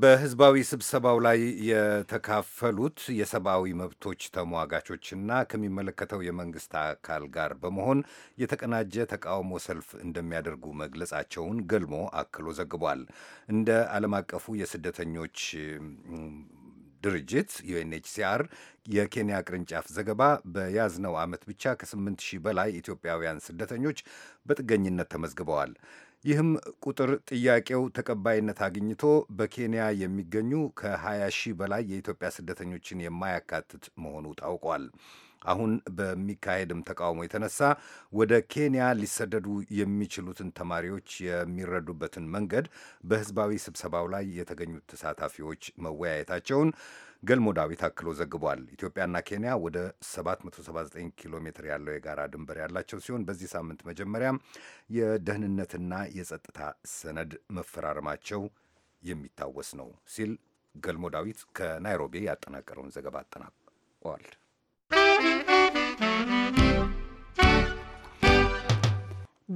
በህዝባዊ ስብሰባው ላይ የተካፈሉት የሰብአዊ መብቶች ተሟጋቾችና ከሚመለከተው የመንግስት አካል ጋር በመሆን የተቀናጀ ተቃውሞ ሰልፍ እንደሚያደርጉ መግለጻቸውን ገልሞ አክሎ ዘግቧል። እንደ ዓለም አቀፉ የስደተኞች ድርጅት ዩኤንኤችሲአር የኬንያ ቅርንጫፍ ዘገባ በያዝነው ዓመት ብቻ ከ8 ሺህ በላይ ኢትዮጵያውያን ስደተኞች በጥገኝነት ተመዝግበዋል። ይህም ቁጥር ጥያቄው ተቀባይነት አግኝቶ በኬንያ የሚገኙ ከ20 ሺህ በላይ የኢትዮጵያ ስደተኞችን የማያካትት መሆኑ ታውቋል። አሁን በሚካሄድም ተቃውሞ የተነሳ ወደ ኬንያ ሊሰደዱ የሚችሉትን ተማሪዎች የሚረዱበትን መንገድ በህዝባዊ ስብሰባው ላይ የተገኙት ተሳታፊዎች መወያየታቸውን ገልሞ ዳዊት አክሎ ዘግቧል። ኢትዮጵያና ኬንያ ወደ 779 ኪሎ ሜትር ያለው የጋራ ድንበር ያላቸው ሲሆን በዚህ ሳምንት መጀመሪያም የደህንነትና የጸጥታ ሰነድ መፈራረማቸው የሚታወስ ነው ሲል ገልሞ ዳዊት ከናይሮቢ ያጠናቀረውን ዘገባ you.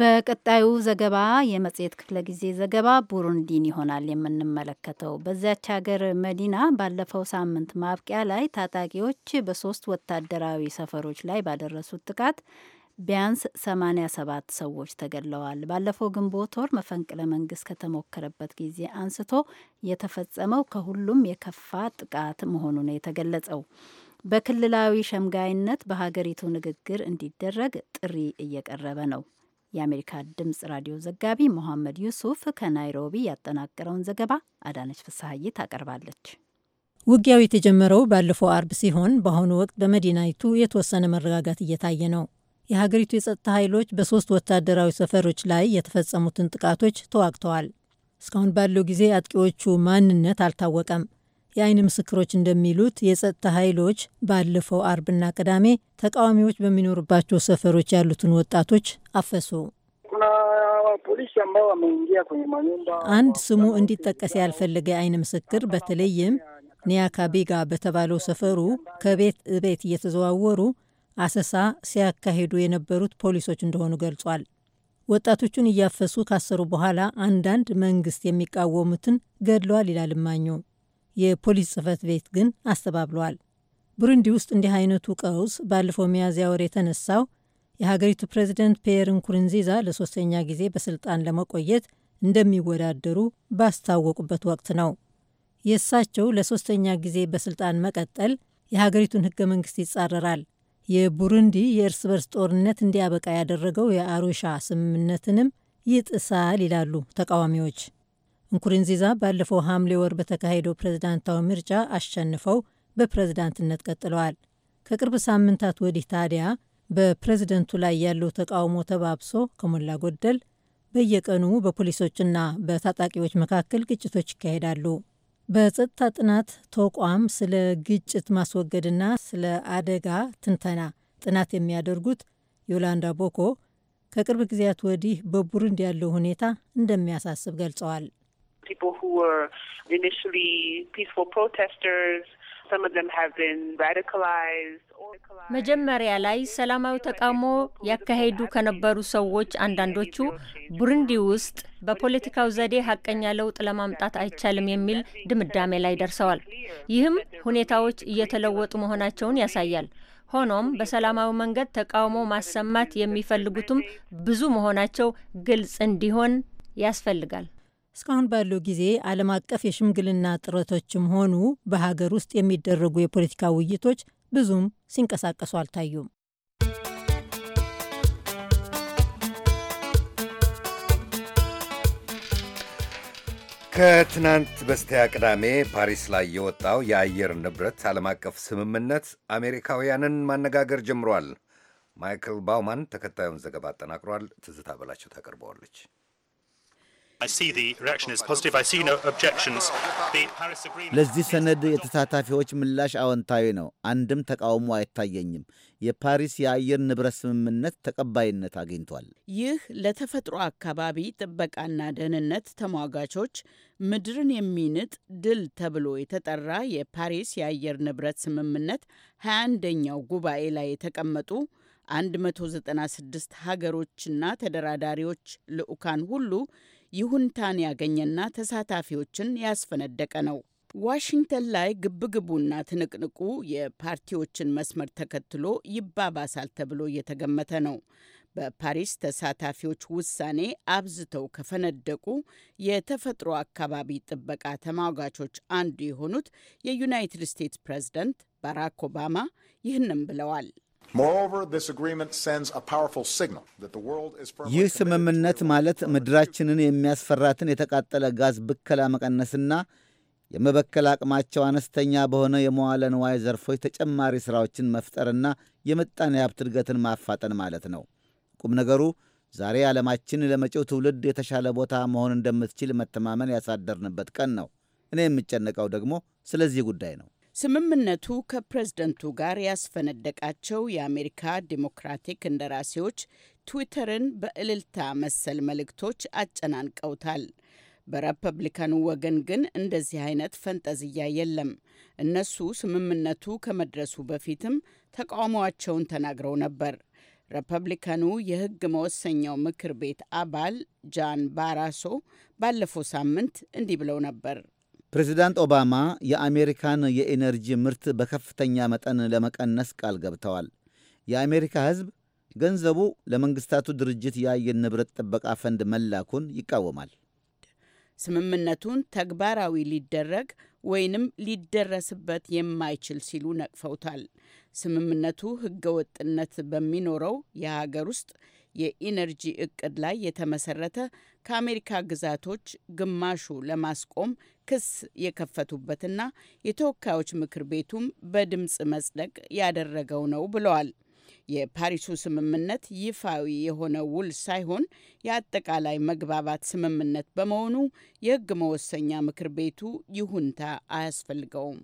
በቀጣዩ ዘገባ የመጽሔት ክፍለ ጊዜ ዘገባ ቡሩንዲን ይሆናል የምንመለከተው። በዚያች ሀገር መዲና ባለፈው ሳምንት ማብቂያ ላይ ታጣቂዎች በሶስት ወታደራዊ ሰፈሮች ላይ ባደረሱት ጥቃት ቢያንስ 87 ሰዎች ተገድለዋል። ባለፈው ግንቦት ወር መፈንቅለ መንግስት ከተሞከረበት ጊዜ አንስቶ የተፈጸመው ከሁሉም የከፋ ጥቃት መሆኑ ነው የተገለጸው። በክልላዊ ሸምጋይነት በሀገሪቱ ንግግር እንዲደረግ ጥሪ እየቀረበ ነው። የአሜሪካ ድምጽ ራዲዮ ዘጋቢ ሞሐመድ ዩሱፍ ከናይሮቢ ያጠናቀረውን ዘገባ አዳነች ፍስሐዬ ታቀርባለች። ውጊያው የተጀመረው ባለፈው አርብ ሲሆን በአሁኑ ወቅት በመዲናይቱ የተወሰነ መረጋጋት እየታየ ነው። የሀገሪቱ የጸጥታ ኃይሎች በሶስት ወታደራዊ ሰፈሮች ላይ የተፈጸሙትን ጥቃቶች ተዋግተዋል። እስካሁን ባለው ጊዜ አጥቂዎቹ ማንነት አልታወቀም። የአይን ምስክሮች እንደሚሉት የጸጥታ ኃይሎች ባለፈው አርብና ቅዳሜ ተቃዋሚዎች በሚኖሩባቸው ሰፈሮች ያሉትን ወጣቶች አፈሱ። አንድ ስሙ እንዲጠቀስ ያልፈለገ የአይን ምስክር በተለይም ኒያካቢጋ በተባለው ሰፈሩ ከቤት እቤት እየተዘዋወሩ አሰሳ ሲያካሂዱ የነበሩት ፖሊሶች እንደሆኑ ገልጿል። ወጣቶቹን እያፈሱ ካሰሩ በኋላ አንዳንድ መንግስት የሚቃወሙትን ገድለዋል ይላል እማኙ። የፖሊስ ጽህፈት ቤት ግን አስተባብለዋል። ብሩንዲ ውስጥ እንዲህ አይነቱ ቀውስ ባለፈው ሚያዝያ ወር የተነሳው የሀገሪቱ ፕሬዚደንት ፒየር ንኩርንዚዛ ለሶስተኛ ጊዜ በስልጣን ለመቆየት እንደሚወዳደሩ ባስታወቁበት ወቅት ነው። የእሳቸው ለሶስተኛ ጊዜ በስልጣን መቀጠል የሀገሪቱን ህገ መንግስት ይጻረራል። የቡሩንዲ የእርስ በርስ ጦርነት እንዲያበቃ ያደረገው የአሩሻ ስምምነትንም ይጥሳል ይላሉ ተቃዋሚዎች። እንኩሪንዚዛ ባለፈው ሐምሌ ወር በተካሄደው ፕሬዝዳንታዊ ምርጫ አሸንፈው በፕሬዝዳንትነት ቀጥለዋል። ከቅርብ ሳምንታት ወዲህ ታዲያ በፕሬዝደንቱ ላይ ያለው ተቃውሞ ተባብሶ ከሞላ ጎደል በየቀኑ በፖሊሶችና በታጣቂዎች መካከል ግጭቶች ይካሄዳሉ። በጸጥታ ጥናት ተቋም ስለ ግጭት ማስወገድና ስለ አደጋ ትንተና ጥናት የሚያደርጉት ዮላንዳ ቦኮ ከቅርብ ጊዜያት ወዲህ በቡሩንዲ ያለው ሁኔታ እንደሚያሳስብ ገልጸዋል። people who were initially peaceful protesters. Some of them have been radicalized. መጀመሪያ ላይ ሰላማዊ ተቃውሞ ያካሄዱ ከነበሩ ሰዎች አንዳንዶቹ ቡሩንዲ ውስጥ በፖለቲካው ዘዴ ሀቀኛ ለውጥ ለማምጣት አይቻልም የሚል ድምዳሜ ላይ ደርሰዋል። ይህም ሁኔታዎች እየተለወጡ መሆናቸውን ያሳያል። ሆኖም በሰላማዊ መንገድ ተቃውሞ ማሰማት የሚፈልጉትም ብዙ መሆናቸው ግልጽ እንዲሆን ያስፈልጋል። እስካሁን ባለው ጊዜ ዓለም አቀፍ የሽምግልና ጥረቶችም ሆኑ በሀገር ውስጥ የሚደረጉ የፖለቲካ ውይይቶች ብዙም ሲንቀሳቀሱ አልታዩም። ከትናንት በስቲያ ቅዳሜ ፓሪስ ላይ የወጣው የአየር ንብረት ዓለም አቀፍ ስምምነት አሜሪካውያንን ማነጋገር ጀምሯል። ማይክል ባውማን ተከታዩን ዘገባ አጠናቅሯል። ትዝታ በላቸው ታቀርበዋለች። ለዚህ ሰነድ የተሳታፊዎች ምላሽ አዎንታዊ ነው። አንድም ተቃውሞ አይታየኝም። የፓሪስ የአየር ንብረት ስምምነት ተቀባይነት አግኝቷል። ይህ ለተፈጥሮ አካባቢ ጥበቃና ደህንነት ተሟጋቾች ምድርን የሚንጥ ድል ተብሎ የተጠራ የፓሪስ የአየር ንብረት ስምምነት 21ኛው ጉባኤ ላይ የተቀመጡ 196 ሀገሮችና ተደራዳሪዎች ልዑካን ሁሉ ይሁንታን ያገኘና ተሳታፊዎችን ያስፈነደቀ ነው። ዋሽንግተን ላይ ግብግቡና ትንቅንቁ የፓርቲዎችን መስመር ተከትሎ ይባባሳል ተብሎ እየተገመተ ነው። በፓሪስ ተሳታፊዎች ውሳኔ አብዝተው ከፈነደቁ የተፈጥሮ አካባቢ ጥበቃ ተሟጋቾች አንዱ የሆኑት የዩናይትድ ስቴትስ ፕሬዝደንት ባራክ ኦባማ ይህንም ብለዋል። ይህ ስምምነት ማለት ምድራችንን የሚያስፈራትን የተቃጠለ ጋዝ ብከላ መቀነስና የመበከል አቅማቸው አነስተኛ በሆነ የመዋለ ንዋይ ዘርፎች ተጨማሪ ሥራዎችን መፍጠርና የምጣኔ ሀብት እድገትን ማፋጠን ማለት ነው። ቁም ነገሩ ዛሬ ዓለማችን ለመጪው ትውልድ የተሻለ ቦታ መሆን እንደምትችል መተማመን ያሳደርንበት ቀን ነው። እኔ የምጨነቀው ደግሞ ስለዚህ ጉዳይ ነው። ስምምነቱ ከፕሬዝደንቱ ጋር ያስፈነደቃቸው የአሜሪካ ዲሞክራቲክ እንደራሴዎች ትዊተርን በእልልታ መሰል መልእክቶች አጨናንቀውታል። በሪፐብሊካኑ ወገን ግን እንደዚህ አይነት ፈንጠዝያ የለም። እነሱ ስምምነቱ ከመድረሱ በፊትም ተቃውሟቸውን ተናግረው ነበር። ሪፐብሊካኑ የሕግ መወሰኛው ምክር ቤት አባል ጃን ባራሶ ባለፈው ሳምንት እንዲህ ብለው ነበር። ፕሬዚዳንት ኦባማ የአሜሪካን የኤነርጂ ምርት በከፍተኛ መጠን ለመቀነስ ቃል ገብተዋል። የአሜሪካ ሕዝብ ገንዘቡ ለመንግስታቱ ድርጅት የአየር ንብረት ጥበቃ ፈንድ መላኩን ይቃወማል። ስምምነቱን ተግባራዊ ሊደረግ ወይንም ሊደረስበት የማይችል ሲሉ ነቅፈውታል። ስምምነቱ ህገወጥነት በሚኖረው የሀገር ውስጥ የኢነርጂ እቅድ ላይ የተመሰረተ ከአሜሪካ ግዛቶች ግማሹ ለማስቆም ክስ የከፈቱበትና የተወካዮች ምክር ቤቱም በድምፅ መጽደቅ ያደረገው ነው ብለዋል። የፓሪሱ ስምምነት ይፋዊ የሆነ ውል ሳይሆን የአጠቃላይ መግባባት ስምምነት በመሆኑ የሕግ መወሰኛ ምክር ቤቱ ይሁንታ አያስፈልገውም።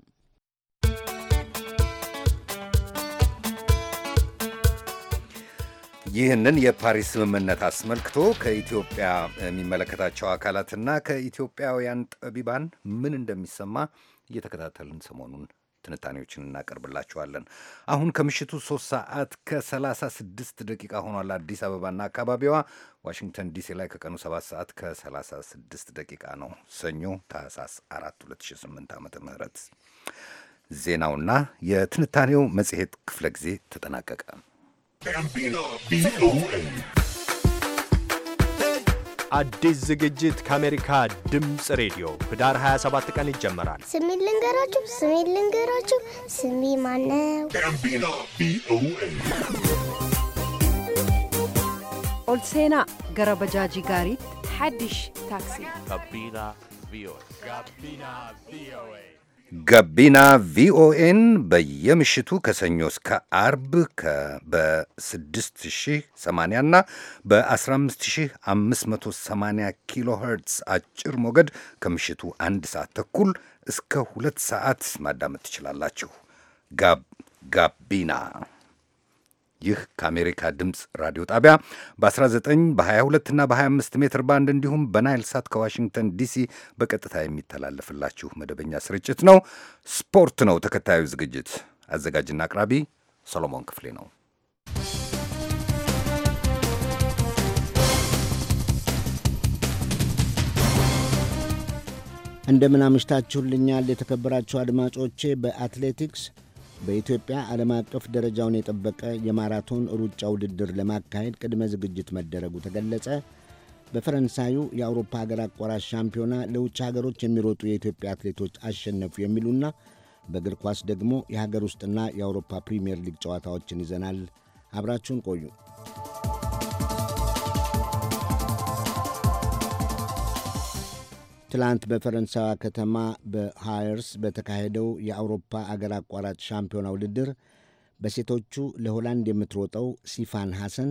ይህንን የፓሪስ ስምምነት አስመልክቶ ከኢትዮጵያ የሚመለከታቸው አካላትና ከኢትዮጵያውያን ጠቢባን ምን እንደሚሰማ እየተከታተልን ሰሞኑን ትንታኔዎችን እናቀርብላችኋለን። አሁን ከምሽቱ 3 ሰዓት ከ36 ደቂቃ ሆኗል አዲስ አበባና አካባቢዋ። ዋሽንግተን ዲሲ ላይ ከቀኑ 7 ሰዓት ከሰላሳ 36 ደቂቃ ነው። ሰኞ ታህሳስ ሺ ስምንት ዓ ምህረት ዜናውና የትንታኔው መጽሔት ክፍለ ጊዜ ተጠናቀቀ። አዲስ ዝግጅት ከአሜሪካ ድምፅ ሬዲዮ ህዳር 27 ቀን ይጀመራል። ስሚ ልንገራችሁ፣ ስሚ ልንገራችሁ፣ ስሚ ማነው? ጋቢና ቪኦኤ ኦልሴና ገረበጃጂ ጋሪት ሓድሽ ታክሲ ጋቢና ቪኦኤ ጋቢና ቪኦኤን በየምሽቱ ከሰኞ እስከ አርብ በ6080 እና በ15580 ኪሎ ሄርትስ አጭር ሞገድ ከምሽቱ አንድ ሰዓት ተኩል እስከ ሁለት ሰዓት ማዳመጥ ትችላላችሁ። ጋቢና ይህ ከአሜሪካ ድምፅ ራዲዮ ጣቢያ በ19 በ22 እና በ25 ሜትር ባንድ እንዲሁም በናይል ሳት ከዋሽንግተን ዲሲ በቀጥታ የሚተላለፍላችሁ መደበኛ ስርጭት ነው። ስፖርት ነው ተከታዩ ዝግጅት። አዘጋጅና አቅራቢ ሰሎሞን ክፍሌ ነው። እንደምን አምሽታችሁልኛል የተከበራችሁ አድማጮቼ። በአትሌቲክስ በኢትዮጵያ ዓለም አቀፍ ደረጃውን የጠበቀ የማራቶን ሩጫ ውድድር ለማካሄድ ቅድመ ዝግጅት መደረጉ ተገለጸ። በፈረንሳዩ የአውሮፓ ሀገር አቋራጭ ሻምፒዮና ለውጭ ሀገሮች የሚሮጡ የኢትዮጵያ አትሌቶች አሸነፉ የሚሉና በእግር ኳስ ደግሞ የሀገር ውስጥና የአውሮፓ ፕሪምየር ሊግ ጨዋታዎችን ይዘናል። አብራችሁን ቆዩ። ትላንት በፈረንሳዋ ከተማ በሃየርስ በተካሄደው የአውሮፓ አገር አቋራጭ ሻምፒዮና ውድድር በሴቶቹ ለሆላንድ የምትሮጠው ሲፋን ሐሰን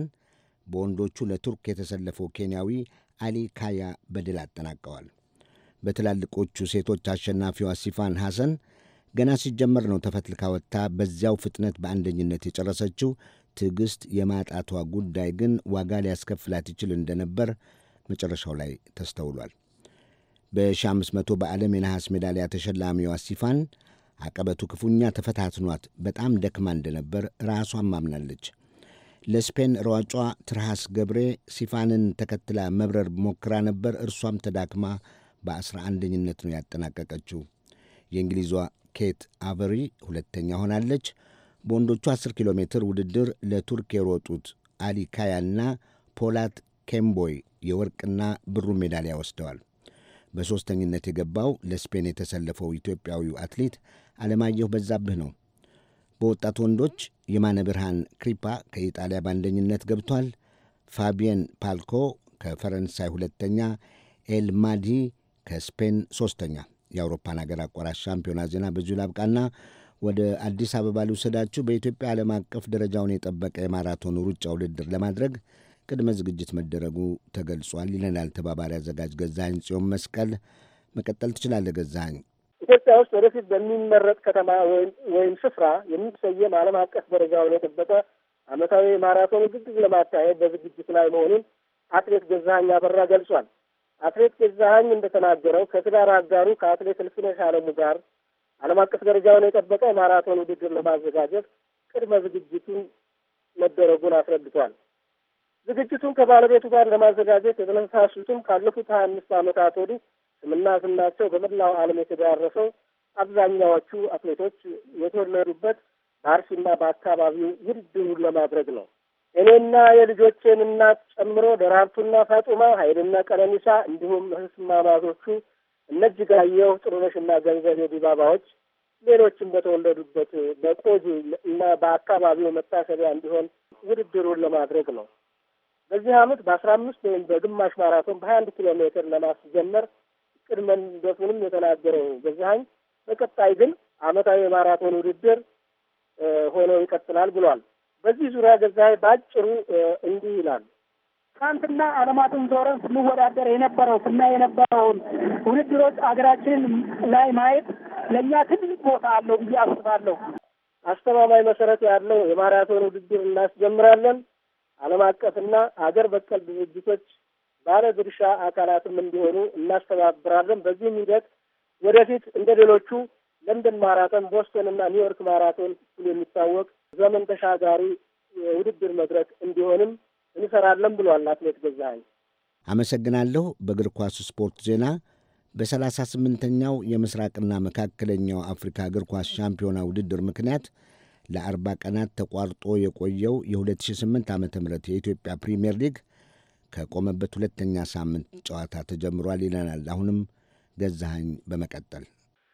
በወንዶቹ ለቱርክ የተሰለፈው ኬንያዊ አሊ ካያ በድል አጠናቀዋል። በትላልቆቹ ሴቶች አሸናፊዋ ሲፋን ሐሰን ገና ሲጀመር ነው ተፈትልካ ወጥታ በዚያው ፍጥነት በአንደኝነት የጨረሰችው። ትዕግሥት የማጣቷ ጉዳይ ግን ዋጋ ሊያስከፍላት ይችል እንደነበር መጨረሻው ላይ ተስተውሏል። በ1500 በዓለም የነሐስ ሜዳሊያ ተሸላሚዋ ሲፋን አቀበቱ ክፉኛ ተፈታትኗት በጣም ደክማ እንደነበር ራሷም ማምናለች። ለስፔን ሯጯ ትርሃስ ገብሬ ሲፋንን ተከትላ መብረር ሞክራ ነበር። እርሷም ተዳክማ በ11ኝነት ነው ያጠናቀቀችው። የእንግሊዟ ኬት አቨሪ ሁለተኛ ሆናለች። በወንዶቹ 10 ኪሎ ሜትር ውድድር ለቱርክ የሮጡት አሊ ካያና ፖላት ኬምቦይ የወርቅና ብሩ ሜዳሊያ ወስደዋል። በሦስተኝነት የገባው ለስፔን የተሰለፈው ኢትዮጵያዊው አትሌት አለማየሁ በዛብህ ነው። በወጣት ወንዶች የማነ ብርሃን ክሪፓ ከኢጣሊያ በአንደኝነት ገብቷል። ፋቢየን ፓልኮ ከፈረንሳይ ሁለተኛ፣ ኤልማዲ ከስፔን ሦስተኛ። የአውሮፓን አገር አቋራጭ ሻምፒዮና ዜና በዚሁ ላብቃና ወደ አዲስ አበባ ልውሰዳችሁ። በኢትዮጵያ ዓለም አቀፍ ደረጃውን የጠበቀ የማራቶን ሩጫ ውድድር ለማድረግ ቅድመ ዝግጅት መደረጉ ተገልጿል ይለናል ተባባሪ አዘጋጅ ገዛኝ ጽዮን መስቀል። መቀጠል ትችላለህ ገዛኝ። ኢትዮጵያ ውስጥ ወደፊት በሚመረጥ ከተማ ወይም ስፍራ የሚሰየም ዓለም አቀፍ ደረጃውን የጠበቀ ዓመታዊ የማራቶን ውድድር ለማካሄድ በዝግጅት ላይ መሆኑን አትሌት ገዛኸኝ አበራ ገልጿል። አትሌት ገዛኸኝ እንደተናገረው ከትዳር አጋሩ ከአትሌት ልፍነሽ አለሙ ጋር ዓለም አቀፍ ደረጃውን የጠበቀ ማራቶን ውድድር ለማዘጋጀት ቅድመ ዝግጅቱን መደረጉን አስረድቷል። ዝግጅቱን ከባለቤቱ ጋር ለማዘጋጀት የተነሳሱትም ካለፉት ሀያ አምስት ዓመታት ወዲህ ስምና ዝናቸው በመላው ዓለም የተዳረሰው አብዛኛዎቹ አትሌቶች የተወለዱበት በአርሲና በአካባቢው ውድድሩን ለማድረግ ነው። እኔና የልጆቼን እናት ጨምሮ ደራርቱና ፋጡማ፣ ሀይልና ቀነኒሳ እንዲሁም እህትማማቾቹ እነጅጋየሁ ጥሩነሽና ገንዘቤ ዲባባዎች ሌሎችም በተወለዱበት በቆጂ እና በአካባቢው መታሰቢያ እንዲሆን ውድድሩን ለማድረግ ነው። በዚህ ዓመት በአስራ አምስት ወይም በግማሽ ማራቶን በሀያ አንድ ኪሎ ሜትር ለማስጀመር እቅድ መንደፉንም የተናገረው ገዛሀኝ በቀጣይ ግን አመታዊ የማራቶን ውድድር ሆኖ ይቀጥላል ብሏል። በዚህ ዙሪያ ገዛሀኝ በአጭሩ እንዲህ ይላል። ትናንትና አለማትን ዞረን ስንወዳደር የነበረው ስና የነበረውን ውድድሮች አገራችን ላይ ማየት ለእኛ ትልቅ ቦታ አለው ብዬ አስባለሁ። አስተማማኝ መሰረት ያለው የማራቶን ውድድር እናስጀምራለን። ዓለም አቀፍና አገር በቀል ድርጅቶች ባለ ድርሻ አካላትም እንዲሆኑ እናስተባብራለን። በዚህም ሂደት ወደፊት እንደ ሌሎቹ ለንደን ማራቶን፣ ቦስተን እና ኒውዮርክ ማራቶን ሁሉ የሚታወቅ ዘመን ተሻጋሪ የውድድር መድረክ እንዲሆንም እንሰራለን ብሏል አትሌት ገዛኸኝ። አመሰግናለሁ። በእግር ኳሱ ስፖርት ዜና በሰላሳ ስምንተኛው የምስራቅና መካከለኛው አፍሪካ እግር ኳስ ሻምፒዮና ውድድር ምክንያት ለአርባ ቀናት ተቋርጦ የቆየው የ2008 ዓ ም የኢትዮጵያ ፕሪምየር ሊግ ከቆመበት ሁለተኛ ሳምንት ጨዋታ ተጀምሯል ይለናል። አሁንም ገዛሀኝ በመቀጠል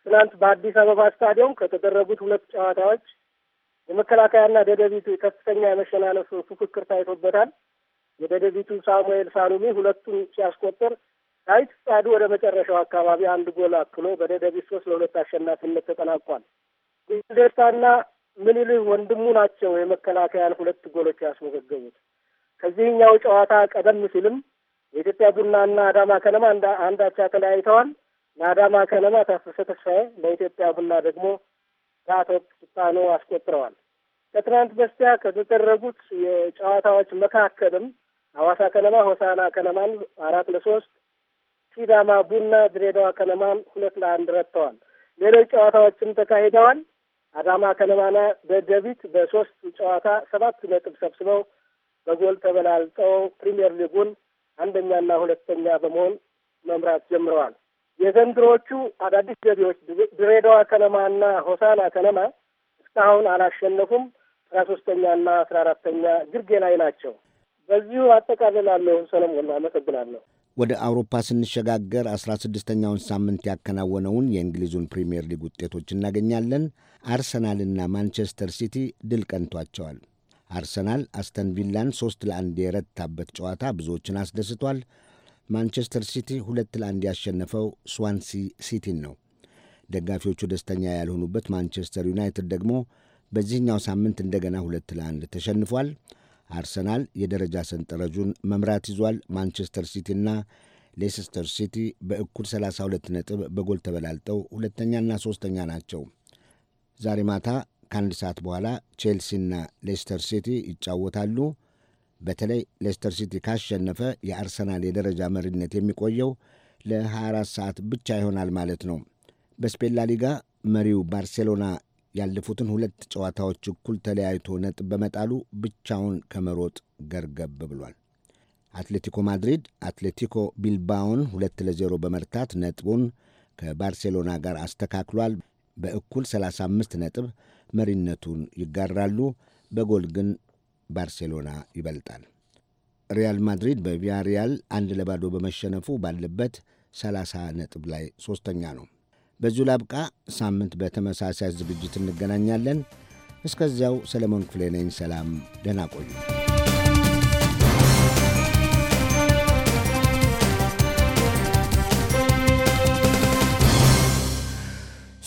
ትናንት በአዲስ አበባ ስታዲየም ከተደረጉት ሁለት ጨዋታዎች የመከላከያና ደደቢቱ ከፍተኛ የመሸናነፍ ፉክክር ታይቶበታል። የደደቢቱ ሳሙኤል ሳሉሚ ሁለቱን ሲያስቆጥር ዳዊት ጻዱ ወደ መጨረሻው አካባቢ አንድ ጎል አክሎ በደደቢት ሶስት ለሁለት አሸናፊነት ተጠናቋል። ዴርታና ምንልህ ወንድሙ ናቸው የመከላከያን ሁለት ጎሎች ያስመዘገቡት። ከዚህኛው ጨዋታ ቀደም ሲልም የኢትዮጵያ ቡናና አዳማ ከነማ አንዳቻ ተለያይተዋል። ለአዳማ ከነማ ታፈሰ ተስፋዬ፣ ለኢትዮጵያ ቡና ደግሞ ዳቶት ስጣኖ አስቆጥረዋል። ከትናንት በስቲያ ከተደረጉት የጨዋታዎች መካከልም ሐዋሳ ከነማ ሆሳና ከነማን አራት ለሶስት፣ ሲዳማ ቡና ድሬዳዋ ከነማን ሁለት ለአንድ ረትተዋል። ሌሎች ጨዋታዎችም ተካሂደዋል። አዳማ ከነማና ደደቢት በሶስት ጨዋታ ሰባት ነጥብ ሰብስበው በጎል ተበላልጠው ፕሪምየር ሊጉን አንደኛና ሁለተኛ በመሆን መምራት ጀምረዋል። የዘንድሮቹ አዳዲስ ገቢዎች ድሬዳዋ ከነማና ሆሳና ከነማ እስካሁን አላሸነፉም። አስራ ሶስተኛና አስራ አራተኛ ግርጌ ላይ ናቸው። በዚሁ አጠቃልላለሁ። ሰለሞን አመሰግናለሁ። ወደ አውሮፓ ስንሸጋገር 16ኛውን ሳምንት ያከናወነውን የእንግሊዙን ፕሪምየር ሊግ ውጤቶች እናገኛለን። አርሰናልና ማንቸስተር ሲቲ ድል ቀንቷቸዋል። አርሰናል አስተን ቪላን ሦስት ለአንድ የረታበት ጨዋታ ብዙዎችን አስደስቷል። ማንቸስተር ሲቲ ሁለት ለአንድ ያሸነፈው ስዋንሲ ሲቲን ነው። ደጋፊዎቹ ደስተኛ ያልሆኑበት ማንቸስተር ዩናይትድ ደግሞ በዚህኛው ሳምንት እንደገና ሁለት ለአንድ ተሸንፏል። አርሰናል የደረጃ ሰንጠረዡን መምራት ይዟል። ማንቸስተር ሲቲና ሌስተር ሲቲ በእኩል 32 ነጥብ በጎል ተበላልጠው ሁለተኛና ሦስተኛ ናቸው። ዛሬ ማታ ከአንድ ሰዓት በኋላ ቼልሲና ሌስተር ሲቲ ይጫወታሉ። በተለይ ሌስተር ሲቲ ካሸነፈ የአርሰናል የደረጃ መሪነት የሚቆየው ለ24 ሰዓት ብቻ ይሆናል ማለት ነው። በስፔን መሪው ባርሴሎና ያለፉትን ሁለት ጨዋታዎች እኩል ተለያይቶ ነጥብ በመጣሉ ብቻውን ከመሮጥ ገርገብ ብሏል። አትሌቲኮ ማድሪድ አትሌቲኮ ቢልባውን ሁለት ለዜሮ በመርታት ነጥቡን ከባርሴሎና ጋር አስተካክሏል። በእኩል 35 ነጥብ መሪነቱን ይጋራሉ። በጎል ግን ባርሴሎና ይበልጣል። ሪያል ማድሪድ በቪያሪያል አንድ ለባዶ በመሸነፉ ባለበት 30 ነጥብ ላይ ሦስተኛ ነው። በዚሁ ላብቃ። ሳምንት በተመሳሳይ ዝግጅት እንገናኛለን። እስከዚያው ሰለሞን ክፍሌ ነኝ። ሰላም፣ ደህና ቆዩ።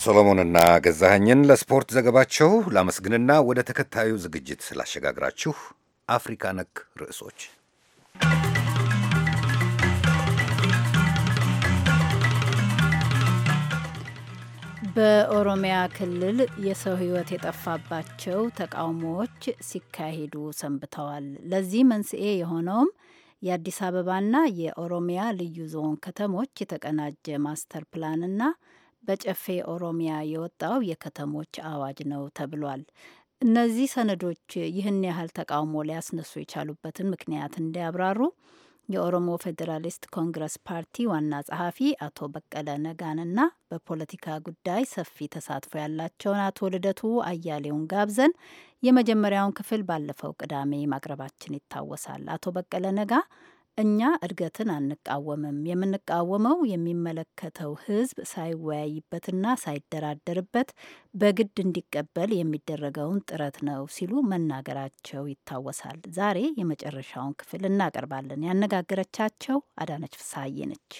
ሰሎሞንና ገዛኸኝን ለስፖርት ዘገባቸው ላመስግንና ወደ ተከታዩ ዝግጅት ላሸጋግራችሁ። አፍሪካ ነክ ርዕሶች በኦሮሚያ ክልል የሰው ሕይወት የጠፋባቸው ተቃውሞዎች ሲካሄዱ ሰንብተዋል። ለዚህ መንስኤ የሆነውም የአዲስ አበባና የኦሮሚያ ልዩ ዞን ከተሞች የተቀናጀ ማስተር ፕላንና በጨፌ ኦሮሚያ የወጣው የከተሞች አዋጅ ነው ተብሏል። እነዚህ ሰነዶች ይህን ያህል ተቃውሞ ሊያስነሱ የቻሉበትን ምክንያት እንዲያብራሩ የኦሮሞ ፌዴራሊስት ኮንግረስ ፓርቲ ዋና ጸሐፊ አቶ በቀለ ነጋንና በፖለቲካ ጉዳይ ሰፊ ተሳትፎ ያላቸውን አቶ ልደቱ አያሌውን ጋብዘን የመጀመሪያውን ክፍል ባለፈው ቅዳሜ ማቅረባችን ይታወሳል። አቶ በቀለ ነጋ እኛ እድገትን አንቃወምም። የምንቃወመው የሚመለከተው ሕዝብ ሳይወያይበትና ሳይደራደርበት በግድ እንዲቀበል የሚደረገውን ጥረት ነው ሲሉ መናገራቸው ይታወሳል። ዛሬ የመጨረሻውን ክፍል እናቀርባለን። ያነጋገረቻቸው አዳነች ፍሳዬ ነች።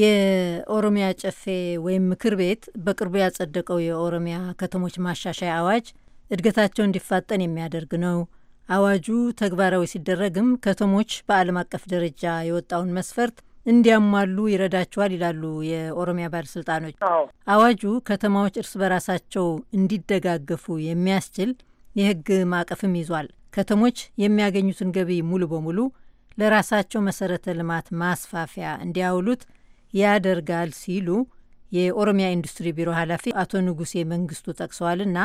የኦሮሚያ ጨፌ ወይም ምክር ቤት በቅርቡ ያጸደቀው የኦሮሚያ ከተሞች ማሻሻያ አዋጅ እድገታቸው እንዲፋጠን የሚያደርግ ነው አዋጁ ተግባራዊ ሲደረግም ከተሞች በዓለም አቀፍ ደረጃ የወጣውን መስፈርት እንዲያሟሉ ይረዳቸዋል ይላሉ የኦሮሚያ ባለስልጣኖች። አዋጁ ከተማዎች እርስ በራሳቸው እንዲደጋገፉ የሚያስችል የህግ ማዕቀፍም ይዟል። ከተሞች የሚያገኙትን ገቢ ሙሉ በሙሉ ለራሳቸው መሰረተ ልማት ማስፋፊያ እንዲያውሉት ያደርጋል ሲሉ የኦሮሚያ ኢንዱስትሪ ቢሮ ኃላፊ አቶ ንጉሴ መንግስቱ ጠቅሰዋልና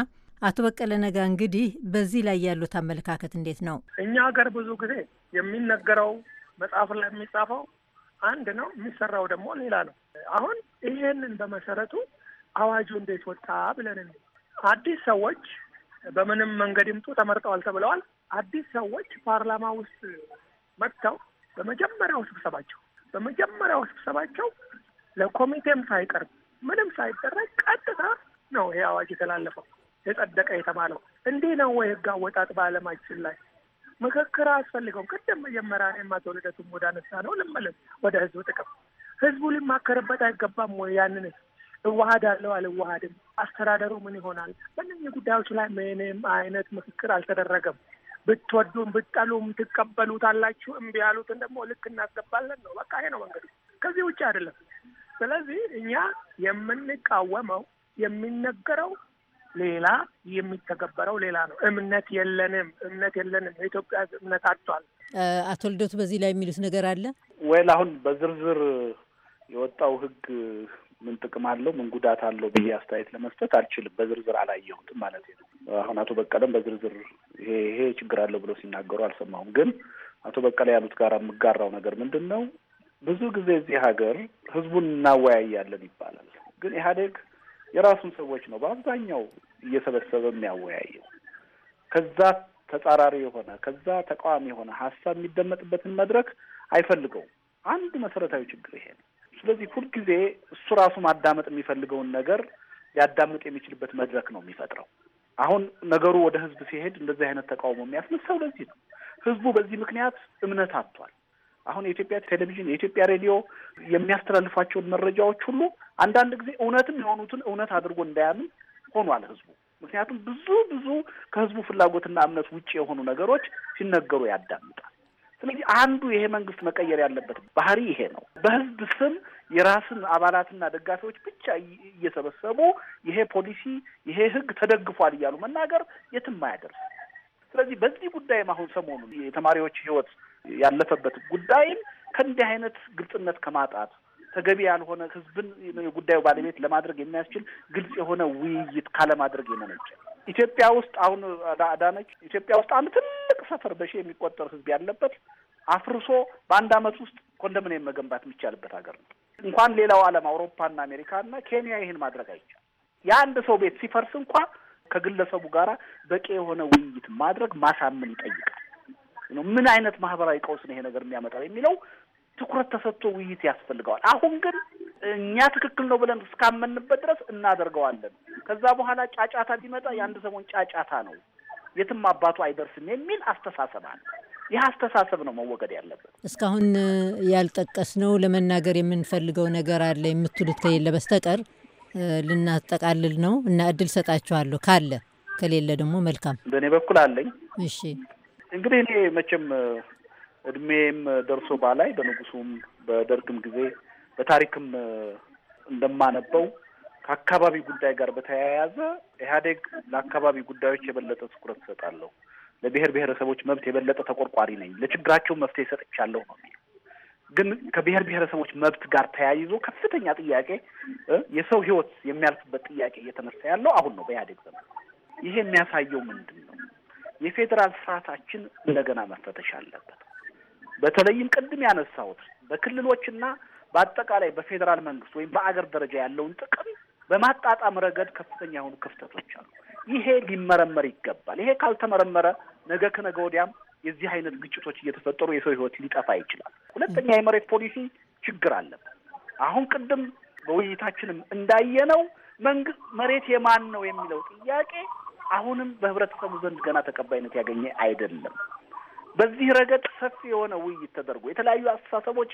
አቶ በቀለ ነጋ እንግዲህ በዚህ ላይ ያሉት አመለካከት እንዴት ነው? እኛ ሀገር ብዙ ጊዜ የሚነገረው መጽሐፍ ላይ የሚጻፈው አንድ ነው፣ የሚሰራው ደግሞ ሌላ ነው። አሁን ይሄንን በመሰረቱ አዋጁ እንዴት ወጣ ብለን አዲስ ሰዎች በምንም መንገድ ይምጡ ተመርጠዋል ተብለዋል። አዲስ ሰዎች ፓርላማ ውስጥ መጥተው በመጀመሪያው ስብሰባቸው በመጀመሪያው ስብሰባቸው ለኮሚቴም ሳይቀርብ ምንም ሳይደረግ ቀጥታ ነው ይሄ አዋጅ የተላለፈው። የጸደቀ የተባለው። እንዲህ ነው ወይ ህግ አወጣጥ በአለማችን ላይ? ምክክር አስፈልገውም ቅድም መጀመሪያ እኔም አቶ ልደቱም ወደ አነሳ ነው ልመለስ ወደ ህዝብ ጥቅም። ህዝቡ ሊማከርበት አይገባም ወይ? ያንን እዋሃድ አለው አልዋሃድም፣ አስተዳደሩ ምን ይሆናል? በነኚህ ጉዳዮች ላይ ምንም አይነት ምክክር አልተደረገም። ብትወዱም ብጠሉም ትቀበሉት አላችሁ። እምቢ ያሉትን ደግሞ ልክ እናስገባለን ነው። በቃ ይሄ ነው መንገዱ፣ ከዚህ ውጭ አይደለም። ስለዚህ እኛ የምንቃወመው የሚነገረው ሌላ የሚተገበረው ሌላ ነው። እምነት የለንም፣ እምነት የለንም። የኢትዮጵያ እምነት አጥቷል። አቶ ልደቱ በዚህ ላይ የሚሉት ነገር አለ ወይል? አሁን በዝርዝር የወጣው ህግ ምን ጥቅም አለው፣ ምን ጉዳት አለው ብዬ አስተያየት ለመስጠት አልችልም። በዝርዝር አላየሁትም ማለት ነው። አሁን አቶ በቀለም በዝርዝር ይሄ ይሄ ችግር አለው ብሎ ሲናገሩ አልሰማሁም። ግን አቶ በቀለ ያሉት ጋር የምጋራው ነገር ምንድን ነው? ብዙ ጊዜ እዚህ ሀገር ህዝቡን እናወያያለን ይባላል። ግን ኢህአዴግ የራሱን ሰዎች ነው በአብዛኛው እየሰበሰበ የሚያወያየው ከዛ ተጻራሪ የሆነ ከዛ ተቃዋሚ የሆነ ሀሳብ የሚደመጥበትን መድረክ አይፈልገውም። አንድ መሰረታዊ ችግር ይሄ ነው። ስለዚህ ሁልጊዜ እሱ ራሱ ማዳመጥ የሚፈልገውን ነገር ሊያዳምጥ የሚችልበት መድረክ ነው የሚፈጥረው። አሁን ነገሩ ወደ ህዝብ ሲሄድ እንደዚህ አይነት ተቃውሞ የሚያስነሳው ለዚህ ነው። ህዝቡ በዚህ ምክንያት እምነት አጥቷል። አሁን የኢትዮጵያ ቴሌቪዥን፣ የኢትዮጵያ ሬዲዮ የሚያስተላልፏቸውን መረጃዎች ሁሉ አንዳንድ ጊዜ እውነትም የሆኑትን እውነት አድርጎ እንዳያምን ሆኗል ህዝቡ። ምክንያቱም ብዙ ብዙ ከህዝቡ ፍላጎትና እምነት ውጭ የሆኑ ነገሮች ሲነገሩ ያዳምጣል። ስለዚህ አንዱ ይሄ መንግስት መቀየር ያለበት ባህሪ ይሄ ነው። በህዝብ ስም የራስን አባላትና ደጋፊዎች ብቻ እየሰበሰቡ ይሄ ፖሊሲ ይሄ ህግ ተደግፏል እያሉ መናገር የትም አያደርስ። ስለዚህ በዚህ ጉዳይም አሁን ሰሞኑን የተማሪዎች ህይወት ያለፈበት ጉዳይም ከእንዲህ አይነት ግልጽነት ከማጣት ተገቢ ያልሆነ ህዝብን የጉዳዩ ባለቤት ለማድረግ የሚያስችል ግልጽ የሆነ ውይይት ካለማድረግ የመነጨ ኢትዮጵያ ውስጥ አሁን አዳነች፣ ኢትዮጵያ ውስጥ አንድ ትልቅ ሰፈር በሺ የሚቆጠር ህዝብ ያለበት አፍርሶ በአንድ አመት ውስጥ ኮንዶሚኒየም መገንባት የሚቻልበት ሀገር ነው። እንኳን ሌላው ዓለም አውሮፓና አሜሪካና ኬንያ ይህን ማድረግ አይቻልም። የአንድ ሰው ቤት ሲፈርስ እንኳ ከግለሰቡ ጋር በቂ የሆነ ውይይት ማድረግ ማሳመን ይጠይቃል። ምን አይነት ማህበራዊ ቀውስ ነው ይሄ ነገር የሚያመጣው የሚለው ትኩረት ተሰጥቶ ውይይት ያስፈልገዋል። አሁን ግን እኛ ትክክል ነው ብለን እስካመንበት ድረስ እናደርገዋለን። ከዛ በኋላ ጫጫታ ቢመጣ የአንድ ሰሞን ጫጫታ ነው፣ የትም አባቱ አይደርስም የሚል አስተሳሰብ አለ። ይህ አስተሳሰብ ነው መወገድ ያለበት። እስካሁን ያልጠቀስነው ለመናገር የምንፈልገው ነገር አለ የምትሉት ከሌለ በስተቀር ልናጠቃልል ነው እና እድል ሰጣችኋለሁ ካለ ከሌለ ደግሞ መልካም። በእኔ በኩል አለኝ። እሺ እንግዲህ እኔ መቼም እድሜም ደርሶ ባላይ በንጉሱም በደርግም ጊዜ በታሪክም እንደማነበው ከአካባቢ ጉዳይ ጋር በተያያዘ ኢህአዴግ ለአካባቢ ጉዳዮች የበለጠ ትኩረት እሰጣለሁ፣ ለብሔር ብሔረሰቦች መብት የበለጠ ተቆርቋሪ ነኝ፣ ለችግራቸው መፍትሄ ሰጥቻለሁ ነው የሚለው። ግን ከብሔር ብሔረሰቦች መብት ጋር ተያይዞ ከፍተኛ ጥያቄ የሰው ህይወት የሚያልፍበት ጥያቄ እየተነሳ ያለው አሁን ነው በኢህአዴግ ዘመን። ይሄ የሚያሳየው ምንድን ነው? የፌዴራል ስርዓታችን እንደገና መፈተሽ አለበት። በተለይም ቅድም ያነሳሁት በክልሎችና በአጠቃላይ በፌዴራል መንግስት ወይም በአገር ደረጃ ያለውን ጥቅም በማጣጣም ረገድ ከፍተኛ የሆኑ ክፍተቶች አሉ። ይሄ ሊመረመር ይገባል። ይሄ ካልተመረመረ ነገ ከነገ ወዲያም የዚህ አይነት ግጭቶች እየተፈጠሩ የሰው ህይወት ሊጠፋ ይችላል። ሁለተኛ የመሬት ፖሊሲ ችግር አለበት። አሁን ቅድም በውይይታችንም እንዳየነው መንግስት መሬት የማን ነው የሚለው ጥያቄ አሁንም በህብረተሰቡ ዘንድ ገና ተቀባይነት ያገኘ አይደለም። በዚህ ረገድ ሰፊ የሆነ ውይይት ተደርጎ የተለያዩ አስተሳሰቦች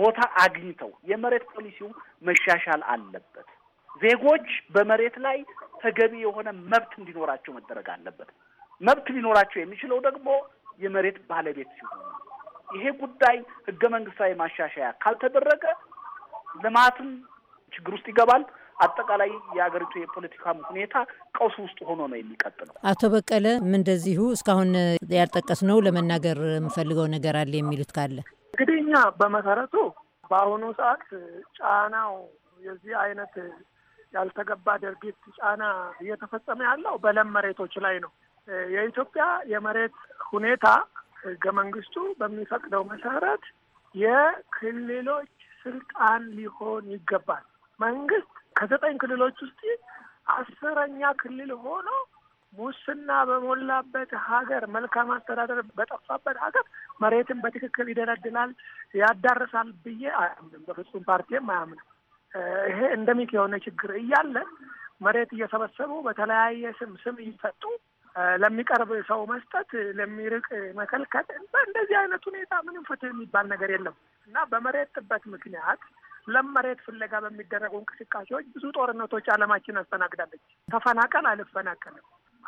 ቦታ አግኝተው የመሬት ፖሊሲው መሻሻል አለበት። ዜጎች በመሬት ላይ ተገቢ የሆነ መብት እንዲኖራቸው መደረግ አለበት። መብት ሊኖራቸው የሚችለው ደግሞ የመሬት ባለቤት ሲሆን፣ ይሄ ጉዳይ ህገ መንግስታዊ ማሻሻያ ካልተደረገ ልማትም ችግር ውስጥ ይገባል፣ አጠቃላይ የሀገሪቱ የፖለቲካም ሁኔታ ቀውስ ውስጥ ሆኖ ነው የሚቀጥለው። አቶ በቀለ እንደዚሁ እስካሁን ያልጠቀስነው ለመናገር የምፈልገው ነገር አለ የሚሉት ካለ እንግዲህ እኛ በመሰረቱ በአሁኑ ሰዓት ጫናው የዚህ አይነት ያልተገባ ድርጊት ጫና እየተፈጸመ ያለው በለም መሬቶች ላይ ነው። የኢትዮጵያ የመሬት ሁኔታ ህገ መንግስቱ በሚፈቅደው መሰረት የክልሎች ስልጣን ሊሆን ይገባል። መንግስት ከዘጠኝ ክልሎች ውስጥ አስረኛ ክልል ሆኖ ሙስና በሞላበት ሀገር፣ መልካም አስተዳደር በጠፋበት ሀገር መሬትን በትክክል ይደለድላል፣ ያዳርሳል ብዬ አያምንም። በፍጹም ፓርቲም አያምንም። ይሄ እንደሚክ የሆነ ችግር እያለ መሬት እየሰበሰቡ በተለያየ ስም ስም እየሰጡ ለሚቀርብ ሰው መስጠት፣ ለሚርቅ መከልከል፣ በእንደዚህ አይነት ሁኔታ ምንም ፍትህ የሚባል ነገር የለም እና በመሬት ጥበት ምክንያት ለመሬት ፍለጋ በሚደረጉ እንቅስቃሴዎች ብዙ ጦርነቶች አለማችን አስተናግዳለች። ተፈናቀል አልፈናቀልም።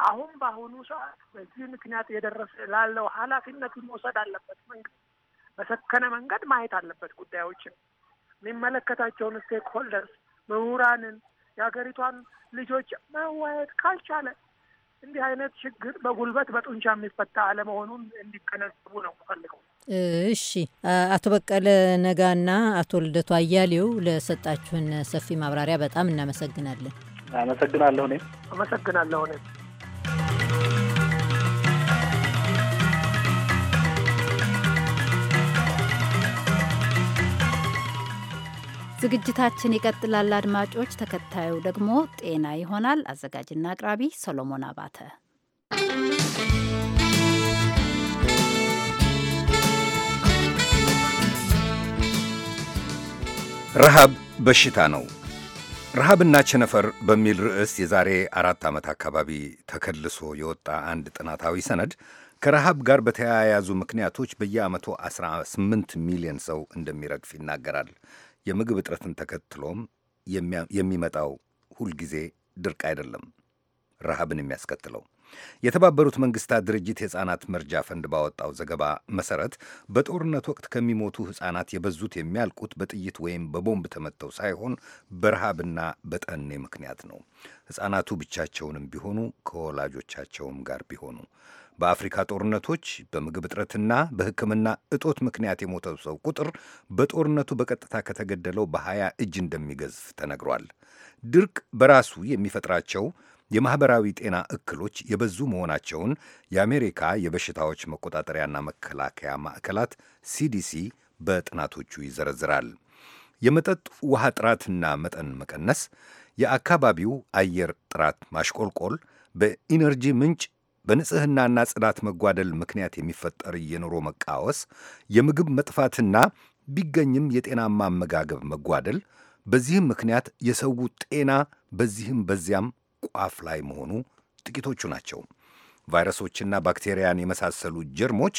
አሁን በአሁኑ ሰዓት በዚህ ምክንያት የደረሰ ላለው ኃላፊነት መውሰድ አለበት። መንግስት በሰከነ መንገድ ማየት አለበት ጉዳዮችን የሚመለከታቸውን ስቴክ ሆልደርስ ምሁራንን የሀገሪቷን ልጆች መዋየት ካልቻለ እንዲህ አይነት ችግር በጉልበት በጡንቻ የሚፈታ አለመሆኑን እንዲገነዘቡ ነው ፈልገው። እሺ አቶ በቀለ ነጋና አቶ ልደቱ አያሌው ለሰጣችሁን ሰፊ ማብራሪያ በጣም እናመሰግናለን። አመሰግናለሁ። እኔም አመሰግናለሁ። እኔም ዝግጅታችን ይቀጥላል። አድማጮች፣ ተከታዩ ደግሞ ጤና ይሆናል። አዘጋጅና አቅራቢ ሰሎሞን አባተ። ረሃብ በሽታ ነው። ረሃብና ቸነፈር በሚል ርዕስ የዛሬ አራት ዓመት አካባቢ ተከልሶ የወጣ አንድ ጥናታዊ ሰነድ ከረሃብ ጋር በተያያዙ ምክንያቶች በየዓመቱ 18 ሚሊዮን ሰው እንደሚረግፍ ይናገራል። የምግብ እጥረትን ተከትሎም የሚመጣው ሁልጊዜ ድርቅ አይደለም፣ ረሃብን የሚያስከትለው። የተባበሩት መንግስታት ድርጅት የሕፃናት መርጃ ፈንድ ባወጣው ዘገባ መሰረት በጦርነት ወቅት ከሚሞቱ ሕፃናት የበዙት የሚያልቁት በጥይት ወይም በቦምብ ተመተው ሳይሆን በረሃብና በጠኔ ምክንያት ነው። ሕፃናቱ ብቻቸውንም ቢሆኑ ከወላጆቻቸውም ጋር ቢሆኑ በአፍሪካ ጦርነቶች በምግብ እጥረትና በሕክምና እጦት ምክንያት የሞተው ሰው ቁጥር በጦርነቱ በቀጥታ ከተገደለው በሀያ እጅ እንደሚገዝፍ ተነግሯል። ድርቅ በራሱ የሚፈጥራቸው የማኅበራዊ ጤና እክሎች የበዙ መሆናቸውን የአሜሪካ የበሽታዎች መቆጣጠሪያና መከላከያ ማዕከላት ሲዲሲ በጥናቶቹ ይዘረዝራል። የመጠጥ ውሃ ጥራትና መጠን መቀነስ፣ የአካባቢው አየር ጥራት ማሽቆልቆል፣ በኢነርጂ ምንጭ በንጽህናና ጽዳት መጓደል ምክንያት የሚፈጠር የኑሮ መቃወስ፣ የምግብ መጥፋትና ቢገኝም የጤናማ አመጋገብ መጓደል፣ በዚህም ምክንያት የሰው ጤና በዚህም በዚያም ቋፍ ላይ መሆኑ ጥቂቶቹ ናቸው። ቫይረሶችና ባክቴሪያን የመሳሰሉ ጀርሞች